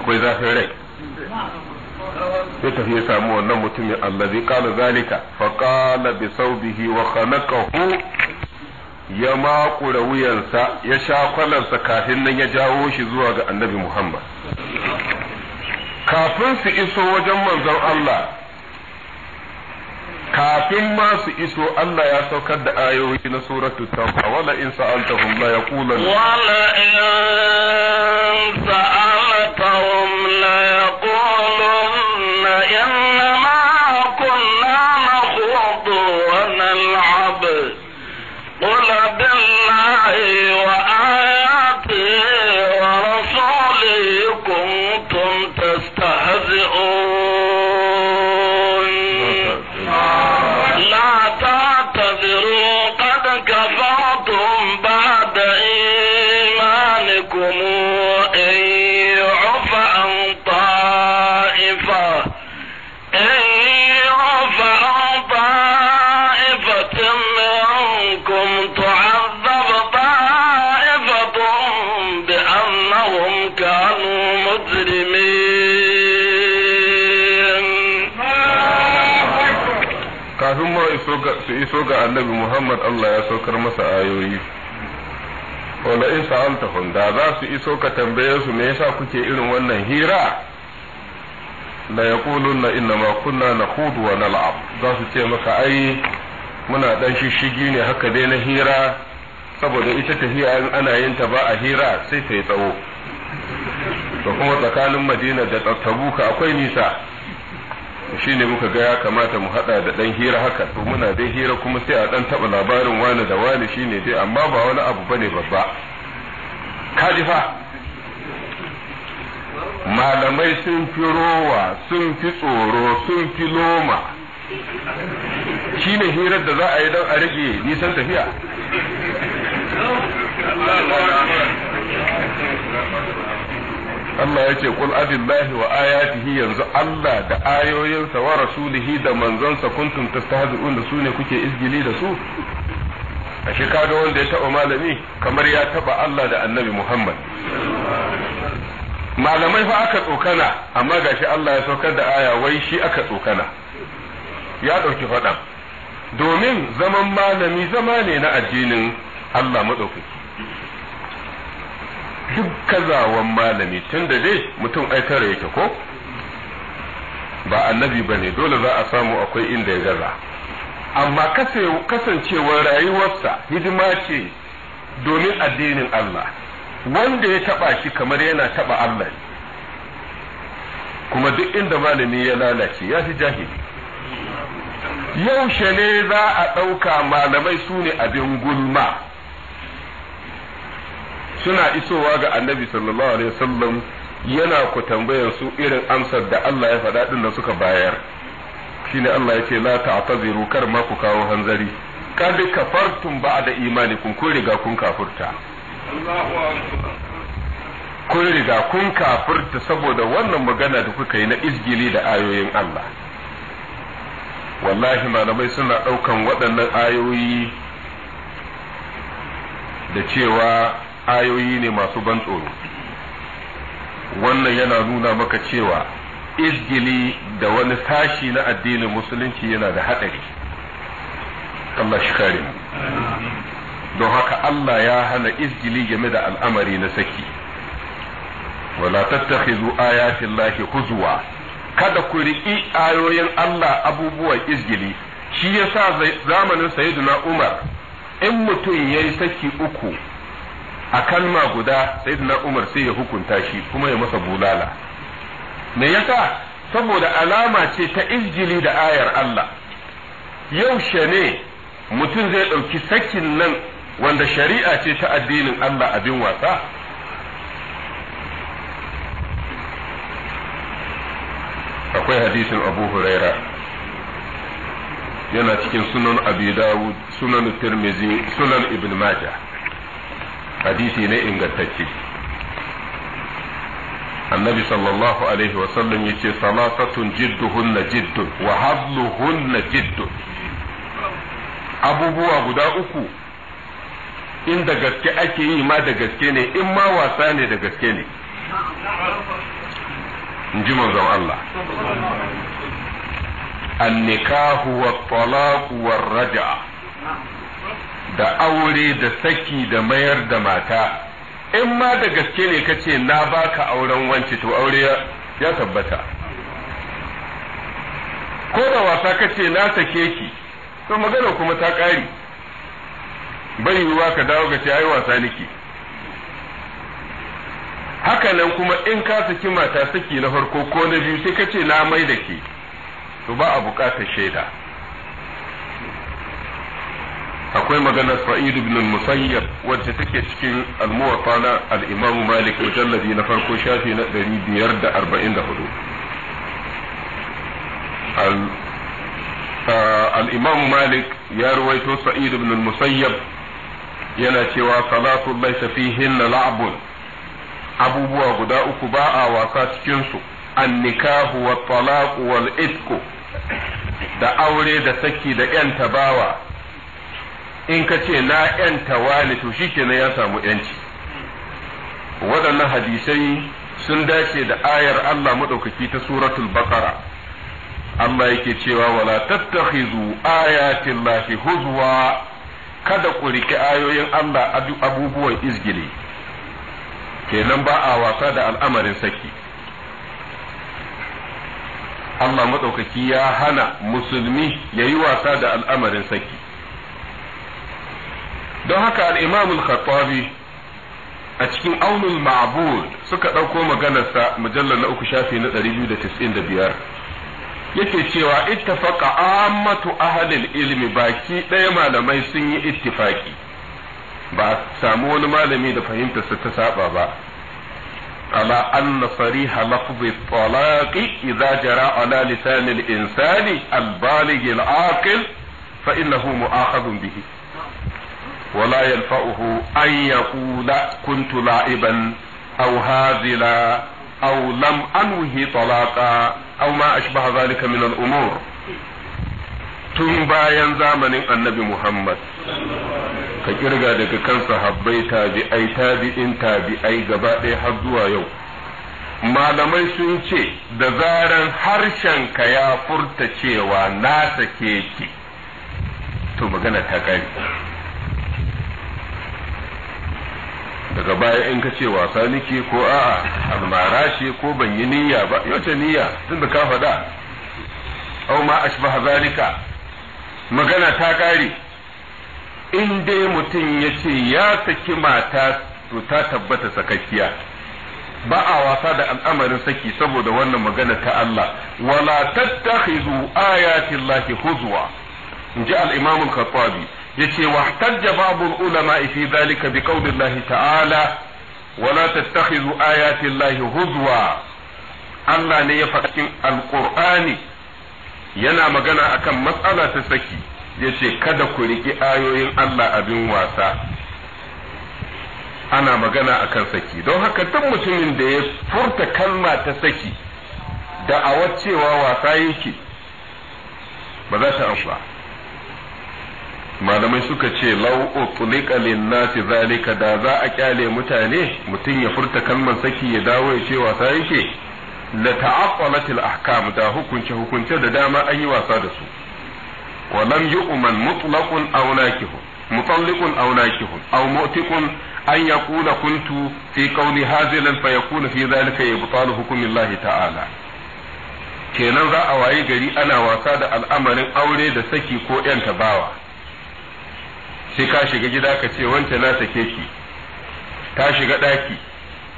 akwai zafin rai sai tafi ya samu wannan mutumin allazi qala zalika fa qala bi saubihi wa khanaqahu ya makura wuyansa ya sha kwalarsa kafin nan ya jawo shi zuwa ga annabi muhammad kafin su iso wajen manzon Allah kafin ma su iso Allah ya saukar da ayoyi na suratu tauba wala in sa'altahum la yaqulun wala in sa'altahum la su iso ga annabi Muhammad Allah ya saukar masa ayoyi wala in sa'altahum da za su iso ka tambaye su me yasa kuke irin wannan hira la na inna ma kunna nakhudu wa nal'ab za su ce maka ai muna dan shishigi ne haka dai na hira saboda ita tafiya in ana yin ta ba a hira sai ta yi tsawo da kuma tsakanin Madina da Tabuka akwai nisa shi ne muka ga ya kamata mu haɗa da ɗan hira haka to muna dai hira kuma sai a ɗan taɓa labarin wani da wani shi ne dai amma ba wani abu ba ne babba kadifa malamai sun fi rowa sun fi tsoro sun fi loma shi ne hirar da za a yi dan a rage nisan tafiya Allah ya ce kul abillahi wa ayatihi yanzu Allah da ayoyinsa wa rasulihi da manzonsa kuntum tastahzi'un da su ne kuke izgili da su A shekaru wanda ya taba malami kamar ya taba Allah da Annabi Muhammad malamai fa aka tsokana amma gashi Allah ya saukar da aya wai shi aka tsokana ya dauki faɗan domin zaman malami zama ne na addinin Allah madaukaki duk kazawan malami tun da dai mutum ai tara yake ko ba annabi ba ne dole za a samu akwai inda ya gaza amma kasancewar rayuwarsa hidima ce domin addinin Allah wanda ya taba shi kamar yana taba Allah kuma duk inda malami ya lalace ya fi jahili yaushe ne za a ɗauka malamai su ne abin gulma suna isowa ga annabi sallallahu alaihi wasallam yana ku tambayar su irin amsar da Allah ya faɗa din da suka bayar shine Allah ya ce la ta'taziru kar ma ku kawo hanzari kad kafartum ba'da imanikum kun riga kun kafurta kun riga kun kafurta saboda wannan magana da kuka yi na izgili da ayoyin Allah wallahi malamai suna ɗaukan waɗannan ayoyi da cewa ayoyi ne masu ban tsoro wannan yana nuna maka cewa izgili da wani tashi na addinin musulunci yana da haɗari Allah shi kare don haka Allah ya hana izgili game da al'amari na saki wala tattakhizu ayatin lahi huzuwa kada ku riƙi ayoyin Allah abubuwan izgili shi yasa zamanin sayyiduna Umar in mutum yayi saki uku a kalma guda da Umar sai ya hukunta shi kuma ya masa bulala me yasa saboda alama ce ta injili da ayar Allah yaushe ne mutum zai ɗauki sakin nan wanda shari'a ce ta addinin Allah abin wasa akwai hadisin abu huraira yana cikin sunan abi dawud sunan tirmizi sunan ibn majah hadisi ne ingantacce annabi sallallahu alaihi wasallam ya ce jidduhun jidduhunna jiddun wa habluhunna jiddun abubuwa guda uku in da gaske ake yi ma da gaske ne in ma wasa ne da gaske ne in ji manzon Allah annikahu wa talaku wa raja'a da aure da saki da mayar da mata in ma da gaske ne ka ce na baka auren wance to aure ya tabbata ko da wasa ka ce na sake ki to magana kuma ta ƙari bai yiwuwa ka dawo ka ce ai wasa niki haka nan kuma in ka saki mata saki na farko ko na biyu sai ka ce na mai da ke to ba a buƙatar shaida akwai maganar sa'id ibn al-musayyab wacce take cikin al-muwatta na al-imam malik mujalladi na farko shafi na 544 al-imam malik ya ruwaito sa'id ibn al-musayyab yana cewa salatu laysa fihinna la'bun abubuwa guda uku ba a wasa cikin su an-nikahu wat-talaq wal-itq da aure da saki da yan tabawa in ka ce na ‘yanta wani to shi kenan ya samu ‘yanci waɗannan hadisai sun dace da ayar Allah maɗaukaki ta suratul baqara Allah yake cewa wala tattakhizu ayatin lafi huzwa kada ku riƙe ayoyin Allah abubuwan izgili kenan ba a wasa da al'amarin saki Allah maɗaukaki ya hana musulmi ya yi wasa da al'amarin saki don haka Al'imamul imam al-khattabi a cikin aunul ma'bud suka ɗauko maganarsa mujallar na uku shafi na 295 yake cewa ittafaqa ammatu ahlil ilmi baki ɗaya malamai sun yi ittifaki ba samu wani malami da fahimtarsa ta saba ba ala anna sariha lafzi talaqi idza jara ala lisan al-insani al-baligh al-aqil fa innahu mu'akhadun bihi ولا ينفعه أن يقول كنت لائبا أو هازلا أو لم أنوه طلاقا أو ما أشبه ذلك من الأمور tun bayan zamanin annabi Muhammad ka kirga daga kan sahabbai tabi'ai tabi'in tabi'ai gaba ɗaya har zuwa yau malamai sun ce da zaran harshen ka ya furta cewa na sake ki to magana ta kare daga baya in ka ce wasa nike ko a'a almara shi ko ban yi niyya ba yace niyya tunda ka faɗa au ma ashbaha zalika magana ta ƙare in dai mutum ya ce ya saki mata to ta tabbata sakakkiya ba a wasa da al'amarin saki saboda wannan magana ta Allah wala tattakhizu ayati llahi huzwa in ji al-imam al yace hatta ba'd ulama fi dhalika bi Allah ta'ala la tattakhidhu ayati llahi huzwa Allah ne ya faɗi alqur'ani yana magana akan matsala ta saki yace kada ku riki ayoyin Allah abin wasa ana magana akan saki don haka duk mutumin da ya furta kalma ta saki da cewa wasa yake ba za ta amfana malamai suka ce lau utlika linnasi zalika da za a kyale mutane mutum ya furta kalman saki ya dawo ya ce wasa yake la ta'aqqalatil ahkam da hukunce hukunce da dama an yi wasa da su wa lam yu'man mutlaqun aw nakihun mutalliqun aw nakihun aw mu'tiqun an yaqula kuntu fi qawli hazilan fa yakunu fi zalika ibtalu hukmillahi ta'ala kenan za a wayi gari ana wasa da al'amarin aure da saki ko yanta bawa sai ka shiga gida ka ce wanta na sake ki ta shiga ɗaki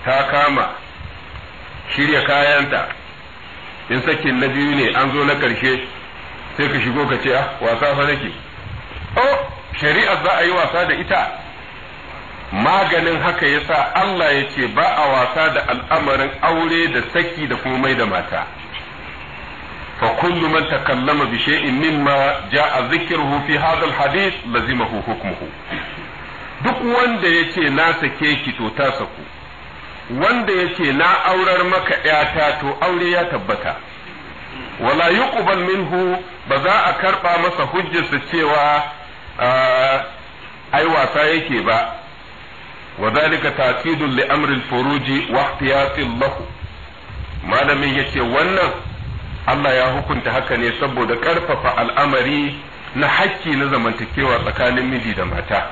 ta kama shirya kayanta in sakin na biyu ne an zo na ƙarshe sai ka shigo ka ce ah wasa fa nake oh shari'a za a yi wasa da ita maganin haka yasa Allah ya ce ba a wasa da al'amarin aure da saki da komai da mata fa kullu man takallama bi shay'in mimma ja'a dhikruhu fi hadha alhadith lazimahu hukmuhu duk wanda yace na sake ki to ta saku wanda yace na aurar maka yata to aure ya tabbata wala yuqbal minhu ba za a karba masa hujjarsa cewa ai wasa yake ba وذلك تأكيد furuji الفروج واحتياط له malamin ya ce wannan Allah ya hukunta haka ne saboda ƙarfafa al'amari na hakki na zamantakewa tsakanin miji da mata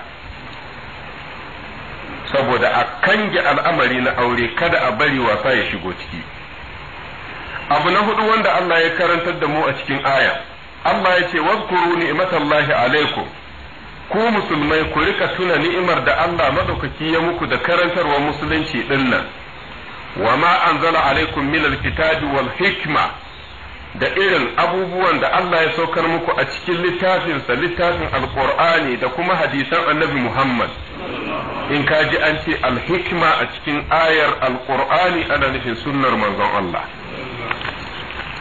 saboda a kange al'amari na aure kada a bari wasa ya shigo ciki abu na hudu wanda Allah ya karantar da mu a cikin aya Allah ya ce wazkuru ni'matallahi alaikum ku musulmai ku rika tuna ni'imar da Allah madaukaki ya muku da karantarwa musulunci dinnan wa ma anzala alaikum minal kitabi wal hikma da irin abubuwan da Allah ya saukar muku a cikin littafinsa littafin alkur'ani da kuma hadisan annabi Muhammad in ka ji an ce alhikma a cikin ayar alkur'ani ana nufin sunnar manzon Allah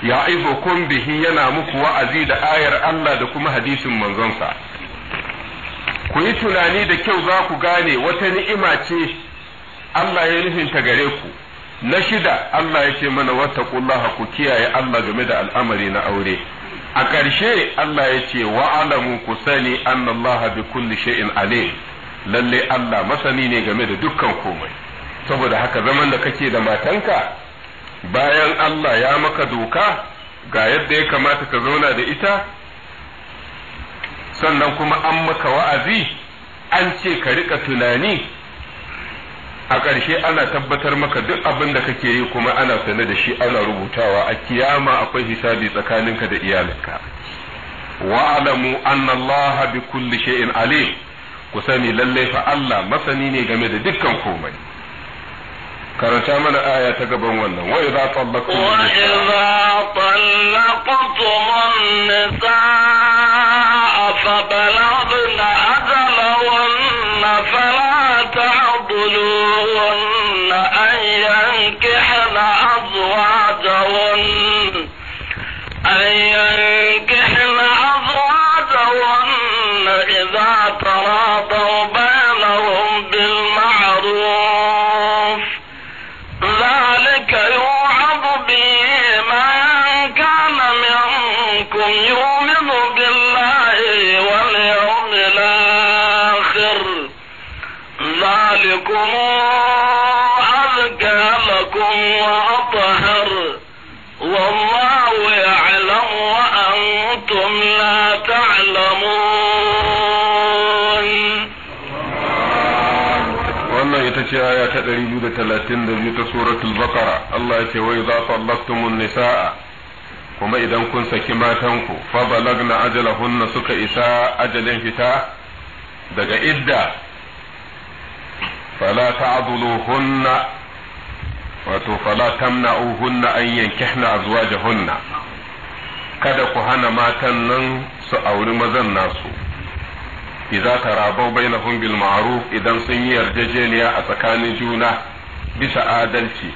ya kun bihi yana muku wa'azi da ayar Allah da kuma hadisin manzonsa ku yi tunani da kyau za ku gane wata ni'ima ce Allah ya nufin ta gare ku na shida Allah ya ce mana kullaha ku kiyaye Allah game da al'amari na aure a ƙarshe Allah ya ce wa'alamu ku sani annallaha bi kulli shay'in alim lalle Allah masani ne game da dukkan komai saboda haka zaman da kake da matanka bayan Allah ya maka doka ga yadda ya kamata ka zauna da ita sannan kuma an maka wa'azi an ce ka rika tunani a ƙarshe ana tabbatar maka duk abin da kake yi kuma ana sane da shi ana rubutawa a kiyama akwai hisabi tsakaninka da iyalinka wa'alamu anna allaha bi kulli shay'in alim ku sani lalle fa Allah masani ne game da dukkan komai karanta mana aya ta gaban wannan wa idza tallaqtum wa idza tallaqtum nisaa fa بينهم بالمعروف ذلك يوعظ به من كان منكم يؤمن بالله واليوم الاخر ذلكم أذكى لكم وأطهر والله يعلم وأنتم لا تعلمون ita ce aya ta biyu ta suratul baqara Allah ya ce wai za sallaktumun nisaa kuma idan kun saki matanku fa balagna ajalahunna suka isa ajalin fita daga idda fala ta'dhuluhunna wato fala tamna'uhunna an yankihna azwajahunna kada ku hana matan nan su auri mazan nasu idza tarabau bainahum bil ma'ruf idan sun yi yarjejeniya a tsakanin juna bisa adalci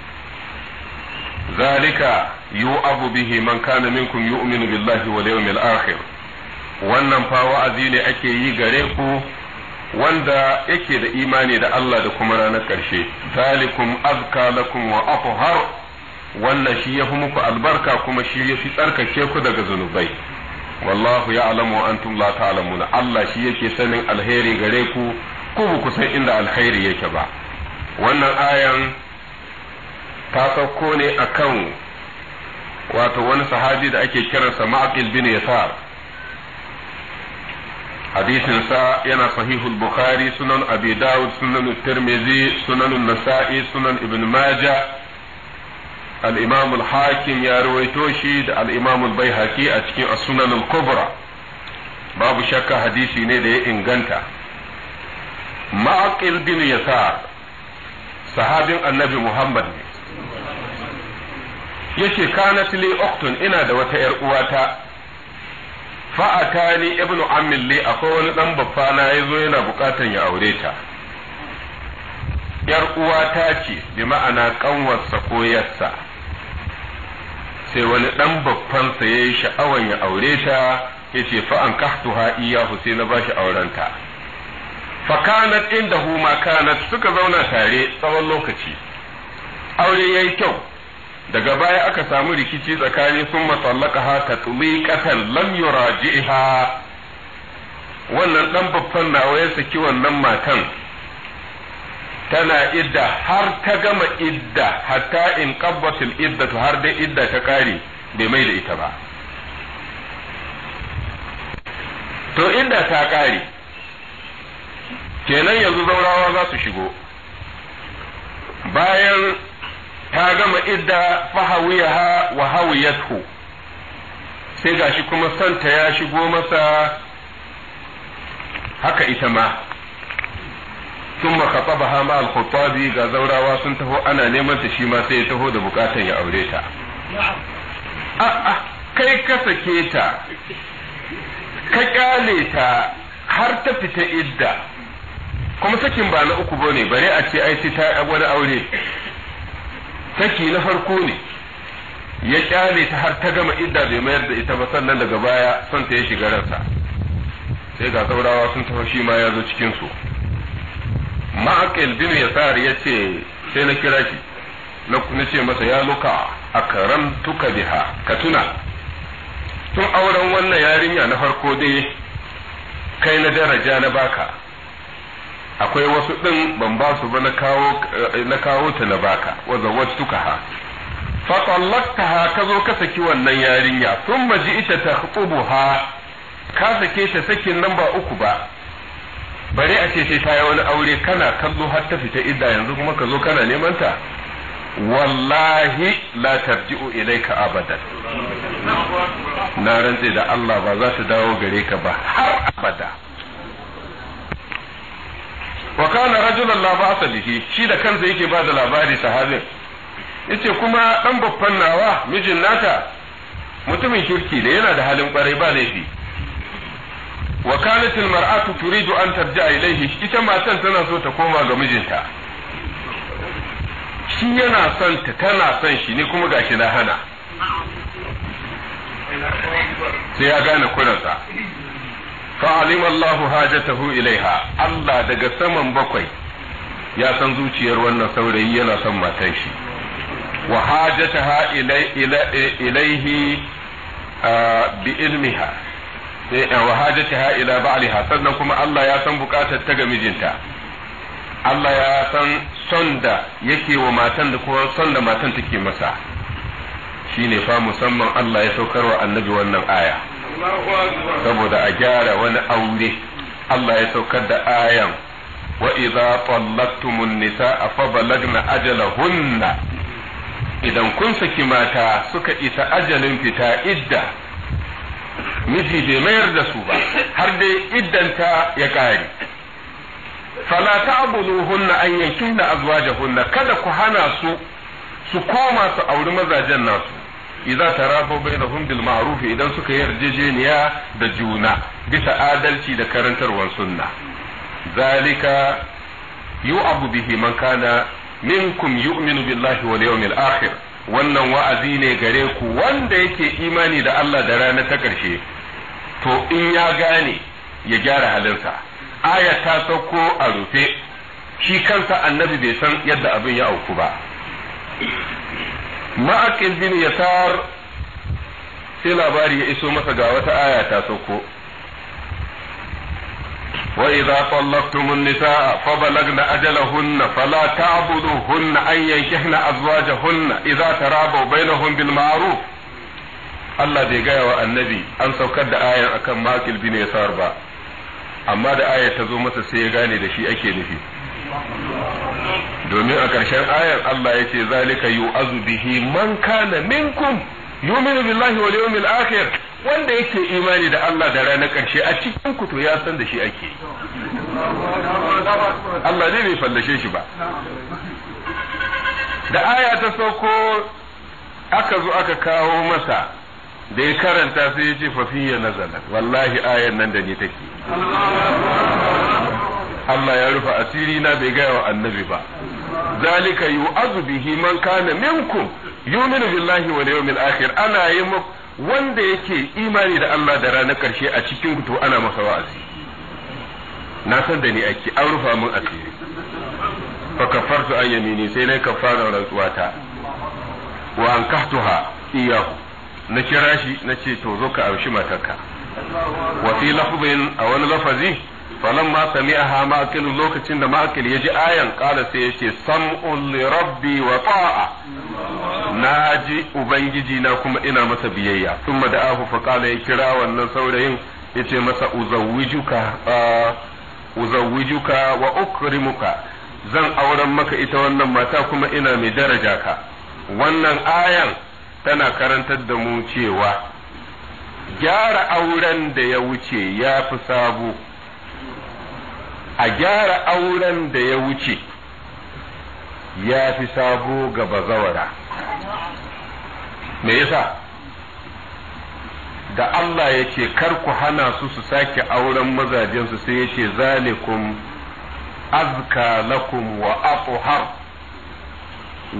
zalika yu'abu bihi man kana minkum yu'minu billahi wal yawmil akhir wannan fa wa'azi ne ake yi gare ku wanda yake da imani da Allah da kuma ranar ƙarshe zalikum azka lakum wa afhar wannan shi yafi muku albarka kuma shi yafi tsarkake ku daga zunubai wallahu ya'lamu wa antum la ta'lamuna Allah shi yake sanin alheri gare ku ku ku san inda alheri yake ba wannan ayan ta sauko ne a akan wato wani sahabi da ake kiransa Ma'aqil bin Yasar hadisin sa yana sahihul bukhari sunan abi dawud sunan tirmidhi sunan nasa'i sunan ibn majah Al'imamul imam hakim ya rawaito shi da al'imamul imam al a cikin as-sunan babu shakka hadisi ne da ya inganta ma'aqil bin sahabin annabi muhammad ne yace kanat li uktun ina da wata yar uwata fa'atani ibnu ammin li akwai wani dan babba na yazo yana buƙatar ya aure ta yar uwata ce bi ma'ana kanwarsa ko yarsa sai wani dan babban sa yayi sha'awan ya aure ta yace fa an kahtuha iyahu sai na bashi aurenta fa kanat hu ma kanat suka zauna tare tsawon lokaci aure yayi kyau daga baya aka samu rikici tsakanin sun masallakaha ta tuliqatan lam yuraji'ha wannan dan babban nawa ya saki wannan matan tana idda har ta gama idda hatta in idda iddatu har dai idda ta kare bai mai da ita ba to idda ta kare kenan yanzu zaurawa za su shigo bayan ta gama idda fahawiyaha wa hawiyatu sai gashi kuma santa ya shigo masa haka ita ma sun makasaba hama al-khattabi ga zaurawa sun taho ana neman ta shi sai taho da bukatan ya aure ta a'a kai ka sake ta ka ta har ta fita idda kuma sakin ba na uku bane bare a ce ai ta wani aure saki na farko ne ya kyale ta har ta gama idda bai mayar da ita ba sannan daga baya son ta ya shiga ransa sai ga saurawa sun taho shi ma ya zo cikin su ya bin yasar ce sai na kira shi na ce masa ya luka a tuka biha ka tuna tun auren wannan yarinya na farko dai kai na daraja na baka akwai wasu ɗin ban ba su ba na kawo ta na baka wadda wacce ha fatallaktaha ka zo ka saki wannan yarinya sun maji ita ta ha ka sake ta sakin nan uku ba bare a ce sai ta yi wani aure kana kallo har ta fita idda yanzu kuma ka zo kana neman ta wallahi la tarji'u ilayka abadan na rantse da Allah ba za su dawo gare ka ba har abada wa kana rajulan la ba'sa shi da kansa yake ba da labari sahabin yace kuma dan babban nawa mijin nata mutumin kirki da yana da halin kwarai ba laifi wa kanat mar'atu turidu an tarji'a ilayhi ita matan tana so ta koma ga mijinta shi yana son ta tana son shi ne kuma gashi na hana sai ya gane fa fa'alim Allah hajatahu ilaiha Allah daga saman bakwai ya san zuciyar wannan saurayi yana son matan shi wa hajataha ilaihi ah, bi ilmiha Eh, wa ha ila ba'liha sannan kuma Allah ya san bukatar ta ga mijinta Allah ya san son da yake wa matan da kuma son da matan take masa shine fa musamman Allah ya saukar wa annabi wannan aya saboda a gyara wani aure Allah ya saukar da ayan wa idza tallaqtumun nisaa fa balagna ajalahunna idan kun saki mata suka isa ajalin fita idda miji bai mayar da su ba har dai iddanta ya kare fala ta'buluhunna an yankihna azwajahunna kada ku hana su su koma su auri mazajen nasu idza tarafu bainahum bil ma'ruf idan suka yarjejeniya da juna bisa adalci da karantarwar sunna zalika yu'abu bihi man kana minkum yu'minu billahi wal yawmil akhir wannan wa'azi ne gare ku wanda yake imani da Allah da rana ta ƙarshe to in ya gane ya gyara halinsa aya ta sauko a rufe shi kansa annabi bai san yadda abin ya auku ba ma'aqil bin sa’ar, sai labari ya iso masa ga wata aya ta sauko وإذا طلقتم النساء فبلغن أجلهن فلا تعبدوهن أن ينكحن أزواجهن إذا ترابوا بينهم بالمعروف Allah bai gaya wa annabi an saukar da ayar akan makil ya yasar ba amma da ayar ta zo masa sai ya gane da shi ake nufi domin a ƙarshen ayar Allah ya ce zalika yu'azu bihi man kana minkum yu'minu billahi wal yawmil akhir wanda yake imani da Allah da ranar ƙarshe a cikin ku to ya san da shi ake Allah ne bai fallashe shi ba da aya ta sauko aka zo aka kawo masa da ya karanta sai ya ce fafiya nazala wallahi ayan nan da ni take Allah ya rufe asiri na bai gaya wa annabi ba zalika yu'azu bihi man kana minkum yu'minu billahi wal yawmil akhir ana yi wanda yake imani da Allah da ranar karshe a cikin to ana masa wa'azi na san da ni ake an rufa min asiri fa kafartu an yamini sai na kafara rantsuwata wa an kahtuha iyahu na kira shi na ce to zo ka aushi matarka wa fi lafzin a wani lafazi ma sami'aha ma'akil lokacin da ma'akil ya ji ayan qala sai yace sam'un li rabbi wa ta'a na ji ubangiji na kuma ina masa biyayya kuma da ahu faqala ya kira wannan saurayin yace masa uzawwijuka uzawwijuka wa ukrimuka zan auren maka ita wannan mata kuma ina mai daraja ka wannan ayan tana karantar da mu cewa gyara auren da ya wuce ya fi sabo a gyara auren da ya wuce ya fi sabo ga bazawara me yasa da Allah ya ce kar ku hana su su sake auren mazajensu sai ya ce zalikum azka lakum wa atuhar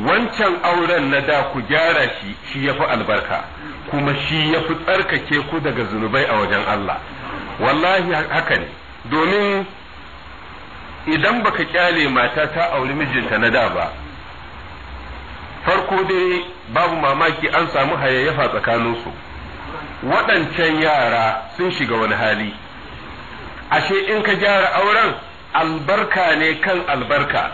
wancan auren na da ku gyara shi shi ya fi albarka kuma shi ya fi tsarkake ku daga zunubai a wajen Allah wallahi haka ne domin idan baka kyale mata ta auri mijinta na da ba farko dai babu mamaki an samu hayayyafa tsakaninsu waɗancan yara sun shiga wani hali ashe in ka gyara auren albarka ne kan albarka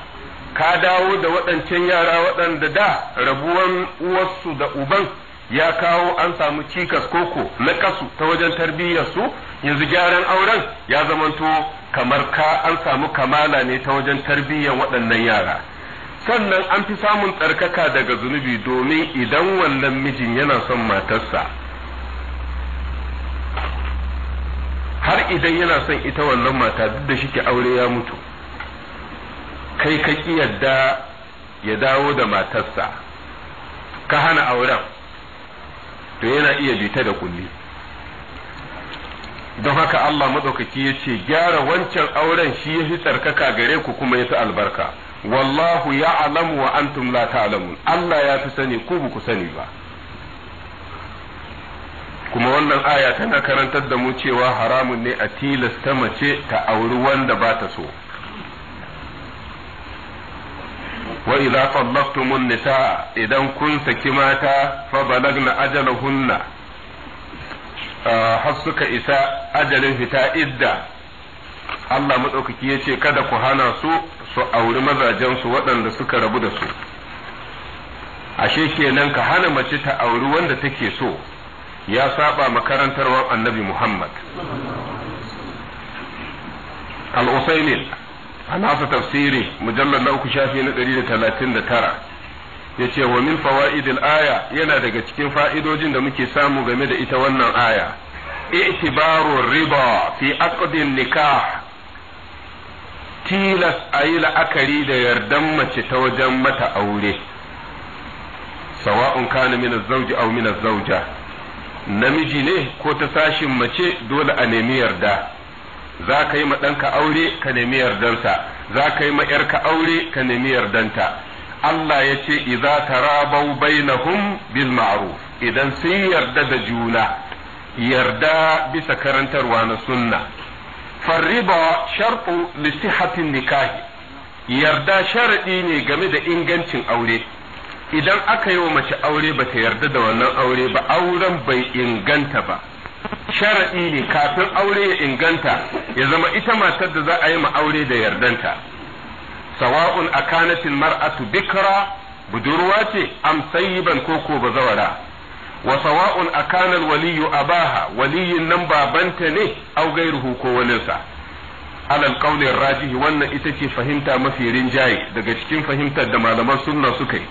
ka dawo da waɗancan yara waɗanda da rabuwan uwarsu da uban ya kawo an samu cikas koko na kasu ta wajen tarbiyyarsu yanzu gyaran auren ya zamanto kamar ka an samu kamala ne ta wajen tarbiyyar waɗannan yara sannan an fi samun tsarkaka daga zunubi domin idan wannan mijin yana son matarsa har idan yana son ita wannan mata duk da shike aure ya mutu kai ka ƙi yadda ya dawo da matarsa ka hana auren to yana iya bita da kulli don haka Allah madaukaki ya ce gyara wancan auren shi ya fi tsarkaka gare ku kuma ya fi albarka wallahu ya alamu wa antum la ta'lamun Allah ya fi sani ku ba sani ba kuma wannan aya tana karantar da mu cewa haramun ne a tilasta mace ta auri wanda ba ta so wa idza mun nisaa idan kun saki mata fa balagna hunna har suka isa ajalin fita idda Allah madaukaki yace kada ku hana su su auri mazajen su waɗanda suka rabu da su ashe kenan ka hana mace ta auri wanda take so ya saba makarantarwar annabi Muhammad al a nasa tafsiri mujallar na uku shafi na ɗari da talatin da tara ya ce wa min fawa'idil aya yana daga cikin fa'idojin da muke samu game da ita wannan aya i'tibaru riba fi aqdin nikah tilas a yi la'akari da yardan mace ta wajen mata aure sawa'un kana min zauji aw min zauja namiji ne ko ta sashin mace dole a nemi yarda za ka yi ma ɗanka aure ka nemi yardansa za ka yi ma ‘yarka aure ka nemi yardanta Allah ya ce idza tarabau bainahum bil ma'ruf idan sun yarda da juna yarda bisa karantarwa na sunna farriba sharɗu lisihatin nikahi yarda sharaɗi ne game da ingancin aure idan aka yi wa mace aure bata yarda da wannan aure ba auren bai inganta ba shara'i ne kafin aure ya inganta ya zama ita matar da za a yi ma aure da yardanta sawa'un akanatin mar'atu bikra budurwa ce am sayyiban koko bazawara wa sawa'un akanal waliyu abaha waliyin nan babanta ne au gairuhu ko walinsa alal qawlin rajihi wannan ita ce fahimta mafi rinjaye daga cikin fahimtar da malaman sunna suka yi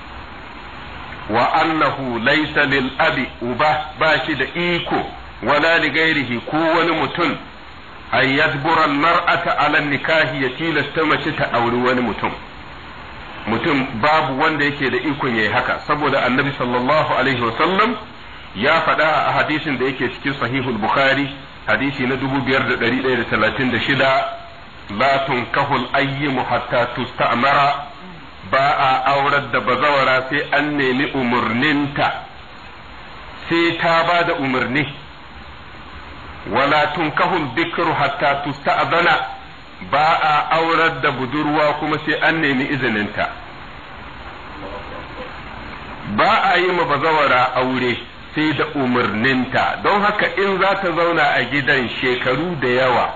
wa annahu laysa lil abi uba ba shi da iko wala gairihi ko wani mutum an yadbura al-mar'ata nikahi ya tilasta mace ta auri wani mutum mutum babu wanda yake da ikon yayi haka saboda annabi sallallahu alaihi wasallam ya faɗa a hadisin da yake cikin sahihul bukhari hadisi na da da talatin 5136 la tunkahul ayyimu hatta tusta'mara ba a aurar da bazawara sai an nemi umarninta sai ta ba da umarni wala tunkahul dhikru hatta tusta'zana ba a aurar da budurwa kuma sai an nemi izininta ba a yi ma bazawara aure sai da umarninta don haka in za ta zauna a gidan shekaru da yawa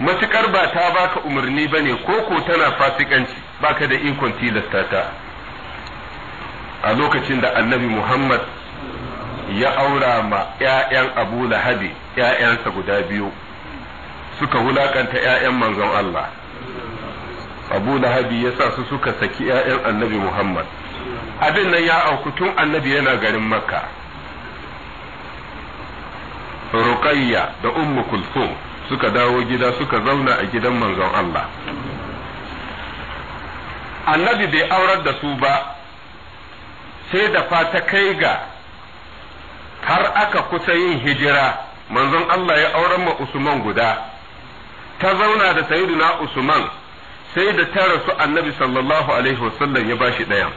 matukar ba ta baka umarni ne ko ko tana fasikanci baka da ikon tilasta a lokacin da annabi Muhammad ya aura ma ‘ya'yan abu lahabi ‘ya'yansa guda biyu suka wulakanta ‘ya'yan manzon Allah abu lahabi ya sa su suka saki ‘ya'yan annabi Muhammad abin nan ya auku tun annabi yana garin makka ruqayya da ummu kulthum suka dawo gida suka zauna a gidan manzon Allah annabi bai aurar da su ba sai da fa ta kai ga har aka kusa yin hijira manzon Allah ya auren ma Usman guda ta zauna da sayyiduna Usman sai da ta rasu annabi sallallahu alaihi wasallam ya bashi ɗayan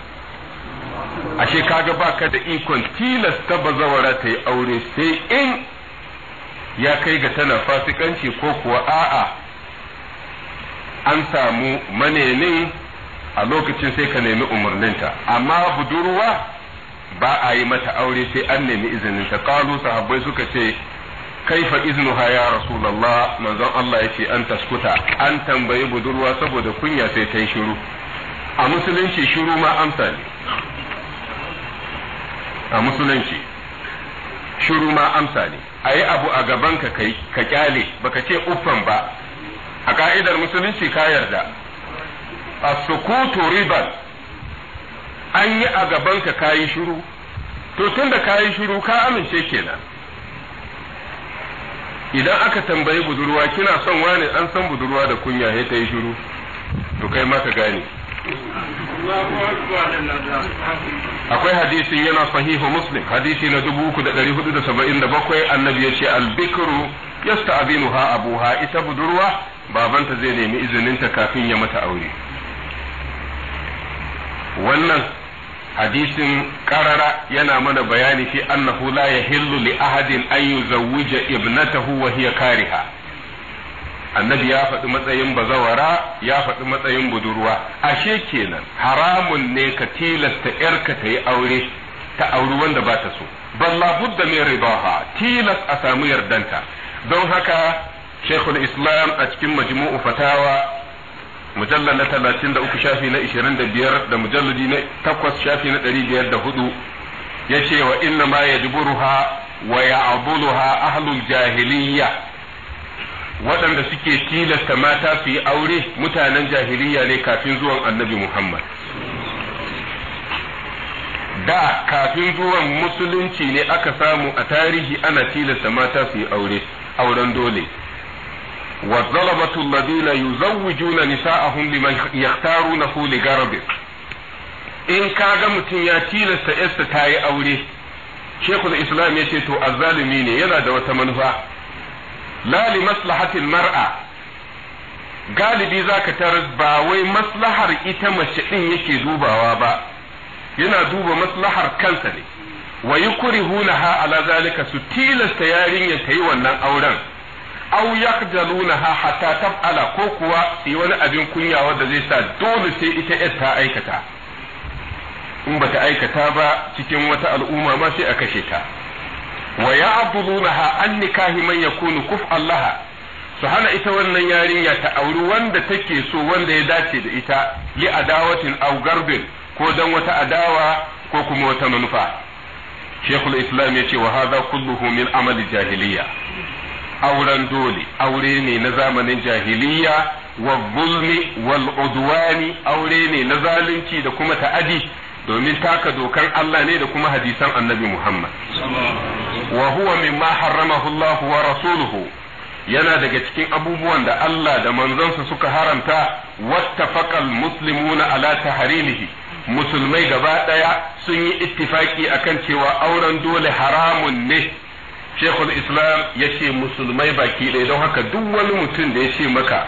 ashe kaga baka da ikon tilasta bazawara ta yi aure sai in ya kai ga tana fasikanci ko kuwa a'a an samu manene a lokacin sai ka nemi umarninta amma budurwa ba a yi mata aure sai an nemi izinin ta kalu sahabbai suka ce kaifa iznuha ya rasulullah manzon Allah yace an taskuta an tambayi budurwa saboda kunya sai ta yi shiru a musulunci shiru ma amsa ne a musulunci shiru ma amsa ne a yi abu a gaban ka kai ka kyale baka ce uffan ba a ka'idar musulunci ka yarda as-sukutu riban an yi a gabanka ka yi shiru to tun da kayi shiru ka amince kenan idan aka tambayi budurwa kina son wani an san budurwa da kunya ya ta yi shiru to kai ma ka gane akwai hadisin yana sahihu muslim hadisi na dubu uku da annabi ya ce albikru yasta abinu ha abuha ita budurwa babanta zai nemi izininta kafin ya mata aure wannan hadisin ƙarara yana mana bayani fi annahu la yahillu li ahadin an yuzawwija ibnatahu wa hiya kariha annabi ya faɗi matsayin bazawara ya faɗi matsayin budurwa ashe kenan haramun ne ka tilasta yarka ta yi aure ta auri wanda ba ta so balla budda min ribaha tilas a samu yardanta don haka shekul islam a cikin majmu'u fatawa mujallar na talatin da uku shafi na ishirin da biyar da mujalladi na takwas shafi na ɗari biyar da hudu ya ce wa inna ma ya ha wa ya ha ahlul jahiliya waɗanda suke tilasta mata su yi aure mutanen jahiliya ne kafin zuwan annabi muhammad da kafin zuwan musulunci ne aka samu a tarihi ana tilasta mata su yi aure auren dole والظلمة الذين يزوجون نساءهم لمن يختارونه لغرضه in ka ga mutum ya tilasta yarsa ta yi aure shekul islam ya ce to azzalumi ne yana da wata manufa Lali li maslahatil mar'a galibi zaka taras ba wai maslahar ita mace ɗin yake dubawa ba yana duba maslahar kansa ne wa yukrihunaha ala zalika su tilasta yarinyar ta yi wannan auren aw yaqjalunaha hatta taf'ala ko kuwa su wani abin kunya wanda zai sa dole sai ita yar ta aikata in bata aikata ba cikin wata al'umma ba sai a kashe ta wa ya'budunaha an nikahi man yakunu kuf Allah su hana ita wannan yarinya ta auri wanda take so wanda ya dace da ita li adawatin aw garbin ko dan wata adawa ko kuma wata manufa shekul islam ya ce wa hadha kulluhu min amali jahiliya auren dole aure ne na zamanin jahiliya wa zulmi wal udwani aure ne na zalunci da kuma ta'adi domin taka dokan Allah ne da kuma hadisan annabi Muhammad wa huwa mimma harramahu Allah wa rasuluhu yana daga cikin abubuwan da Allah da manzonsa suka haramta wattafaqal muslimuna ala taharimihi musulmai gaba daya sun yi ittifaki akan cewa auren dole haramun ne shekul islam ya ce musulmai baki ɗaya don haka duk wani mutum da ya ce maka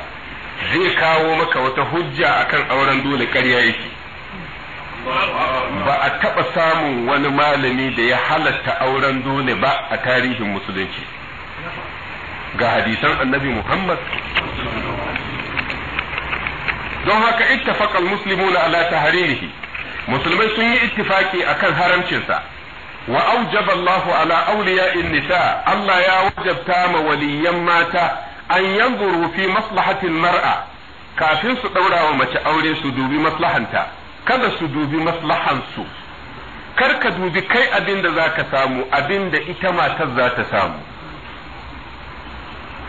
zai kawo maka wata hujja akan auren dole ƙarya yake ba a taɓa samun wani malami da ya halatta auren dole ba a tarihin musulunci ga hadisan annabi muhammad don haka ittafaqal muslimuna ala tahririhi musulmai sun yi ittifaki akan haramcinsa وأوجب الله على أولياء النساء الله يا وجب تام وليا مات أن ينظروا في مصلحة المرأة kafin su ɗaura wa mace aure su dubi maslahanta kada su dubi maslahansu kar ka dubi kai abin da za ka samu abin da ita matar za ta samu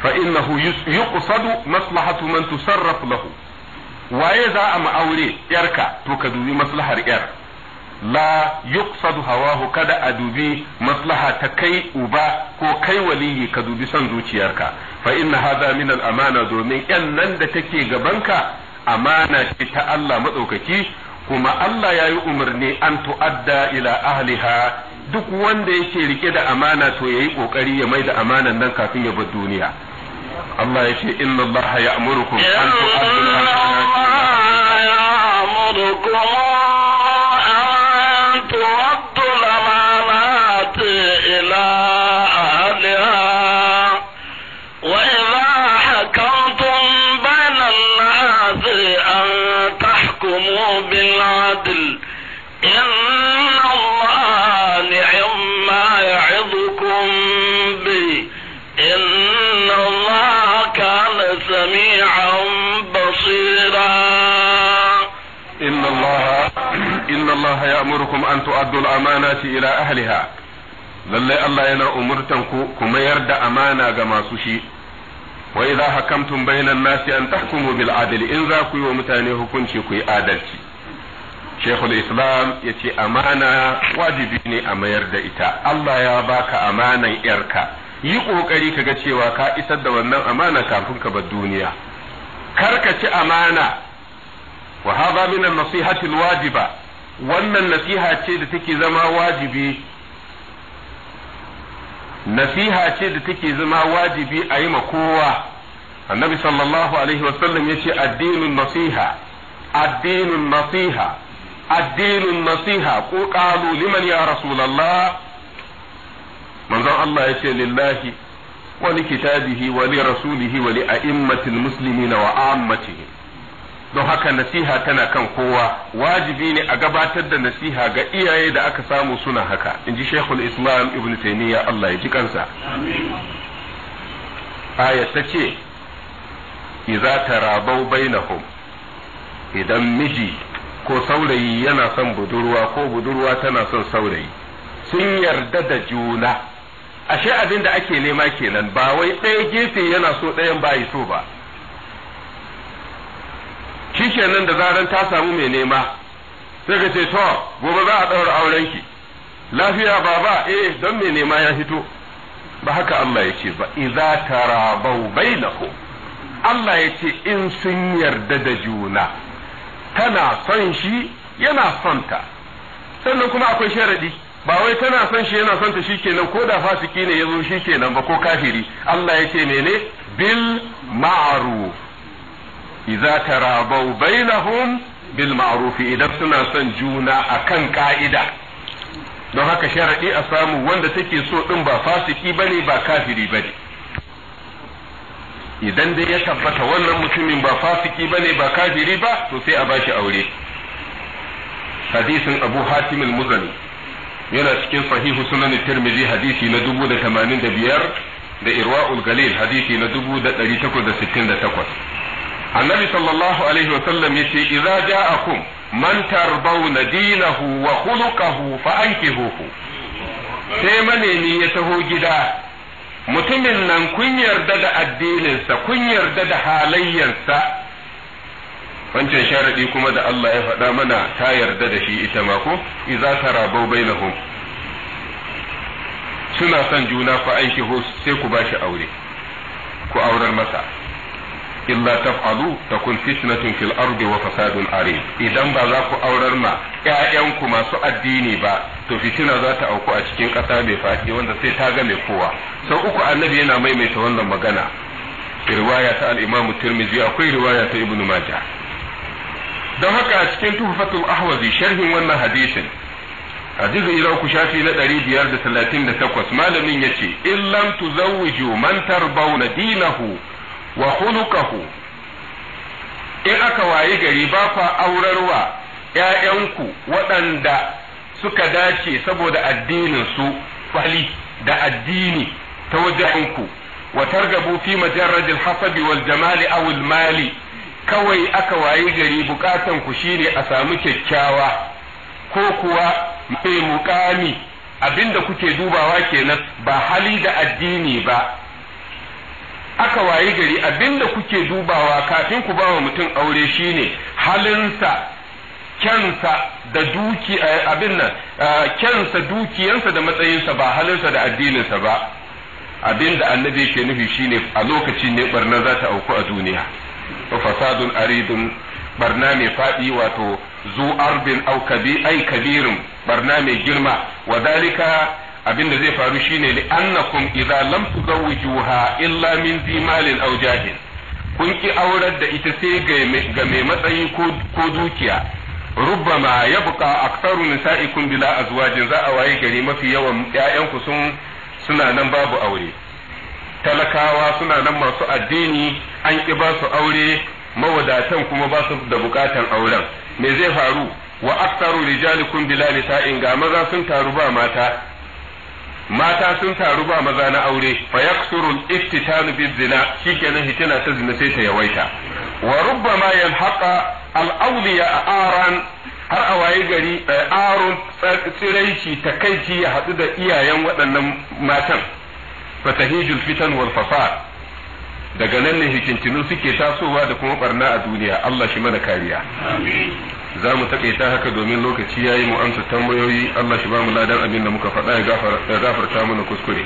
fa innahu yuqsadu maslahatu man tusarraf lahu waye za a ma'aure yarka to ka dubi maslahar yar la yuqsadu hawahu kada a dubi maslaha ta kai uba ko kai waliyi ka dubi son zuciyarka fa inna hadha min al amana domin yan nan da take gabanka amana ce ta Allah madaukaki kuma Allah ya yi umarni an tu'adda ila ahliha duk wanda yake rike da amana to yayi kokari ya mai da amanan nan kafin ya bar duniya Allah ya ce inna Allah ya'murukum an tu'addu al ترد الأمانات إلى أهلها وإذا حكمتم بين الناس أن تحكموا بالعدل إن الله نعم ما يعظكم به إن الله كان سميعا بصيرا إن الله inna allaha ya'murukum an tu'addu amana amanati ila ahliha Lallai Allah yana umurtan ku ku mayar da amana ga masu shi wa idza hakamtum bainan nasi an tahkumu bil adli in za ku yi wa mutane hukunci ku adalci Sheikhul Islam ya ce amana wajibi ne a mayar da ita Allah ya baka amanan yarka yi kokari kaga cewa ka isa da wannan amana kafin ka bar duniya Kar ka ci amana wa hadha min an-nasihati wajiba wannan nasiha ce da take zama wajibi nasiha ce da take zama wajibi a yi ma kowa annabi sallallahu alaihi wasallam ya ce addinin nasiha addinin nasiha addinin nasiha ko ƙalu liman ya rasulallah manzon Allah ya ce lillahi wa li kitabihi wa li rasulihi wa li a'immatil muslimina wa don haka nasiha tana kan kowa wajibi ne a gabatar da nasiha ga iyaye da aka samu suna haka in ji shekul islam ibn taimiyya Allah ya ji kansa aya ta ce iza na bainahum idan miji ko saurayi yana son budurwa ko budurwa tana son saurayi sun yarda da juna ashe abin da ake nema kenan ba wai ɗaya gefe yana so ɗayan ba so ba shikenan da zaran ta samu mai nema sai ka ce to gobe za a daura auren ki lafiya baba eh don mai nema ya fito ba haka Allah ya ce ba idza tarabau bainahum Allah ya ce in sun yarda da juna tana son shi yana son ta sannan kuma akwai sharadi ba wai tana son shi yana son ta shikenan ko da fasiki ne yazo shikenan ba ko kafiri Allah ya ce mene bil ma'ruf idza tarabau bainahum bil ma'ruf idan suna son juna akan ka'ida don haka sharadi a samu wanda take so din ba fasiki bane ba kafiri bane idan dai ya tabbata wannan mutumin ba fasiki bane ba kafiri ba to sai a bashi aure hadisin abu hatim al-muzani yana cikin sahihu sunan tirmidhi hadisi na 1085 da irwaul galil hadisi na 1868 annabi sallallahu alaihi wa sallam yace a ja'akum man tarbawna dinahu wa khuluquhu fa sai manemi ya taho gida mutumin nan kun yarda da addininsa kun yarda da halayyarsa wancan sharadi kuma da Allah ya faɗa mana ta yarda da shi ita ma ko raba tarabau bainahum suna son juna fa ankihu sai ku bashi aure ku aurar masa illa taf'alu takun fitnatun fil ardi wa fasadun arid idan ba za ku aurar ma ƴaƴanku masu addini ba to fitina za ta auku a cikin ƙasa mai faɗi wanda sai ta ga mai kowa sau uku annabi yana maimaita wannan magana riwaya ta al-imamu akwai riwaya ta ibnu Maja. don haka a cikin tuhfatul ahwazi sharhin wannan hadisin hadisi ila ku shafi na ɗari biyar da da talatin takwas malamin yace illam tuzawwiju man tarbawna dinahu wa hulukahu in aka wayi gari ba fa aurarwa ‘ya'yanku waɗanda suka dace saboda addininsu fali da addini ta wajenku wa targabu fi majarrajil hasabi wal jamali awul mali kawai aka wayi gari bukatan ku shine a samu kyakkyawa ko kuwa mai mukami abinda kuke dubawa kenan ba hali da addini ba aka wayi gari abinda kuke dubawa kafin ku bawa mutum aure shine halinsa kyansa da duki eh, abin nan eh, kyansa dukiyansa da matsayinsa ba halinsa da addininsa ba abinda annabi ke nufi shine a lokaci ne barna za ta auku a duniya fasadun aridun barna mai fadi wato zu arbin au kabi ai kabirin barna mai girma wa dalika abin da zai faru shine li annakum idza lam tuzawwijuha illa min zimalin aw jahin kun ki aurar da ita sai ga mai matsayi ko dukiya rubbama yabqa aktsaru nisa'ikum bila azwajin za a waye gari mafi yawan ƴaƴanku sun suna nan babu aure talakawa suna nan masu addini an ki ba su aure mawadatan kuma ba su da bukatan auren me zai faru wa aktsaru rijalikum bila nisa'in ga maza sun taru ba mata mata sun taru ba maza na aure fa yaksuru iftitanu bi zina shikenan hitina ta zina sai ta yawaita wa rubbama yalhaqa al awliya aran har a waye gari eh, aron tsiraici takaici ya hadu da iyayen waɗannan matan fatahijul fitan wal fasad daga nan ne hikintinu suke tasowa da kuma barna a duniya Allah shi mana kariya za mu taƙaita haka domin lokaci yayi mu amsa tambayoyi Allah shi ba mu ladan abin da muka faɗa ya gafarta mana kuskure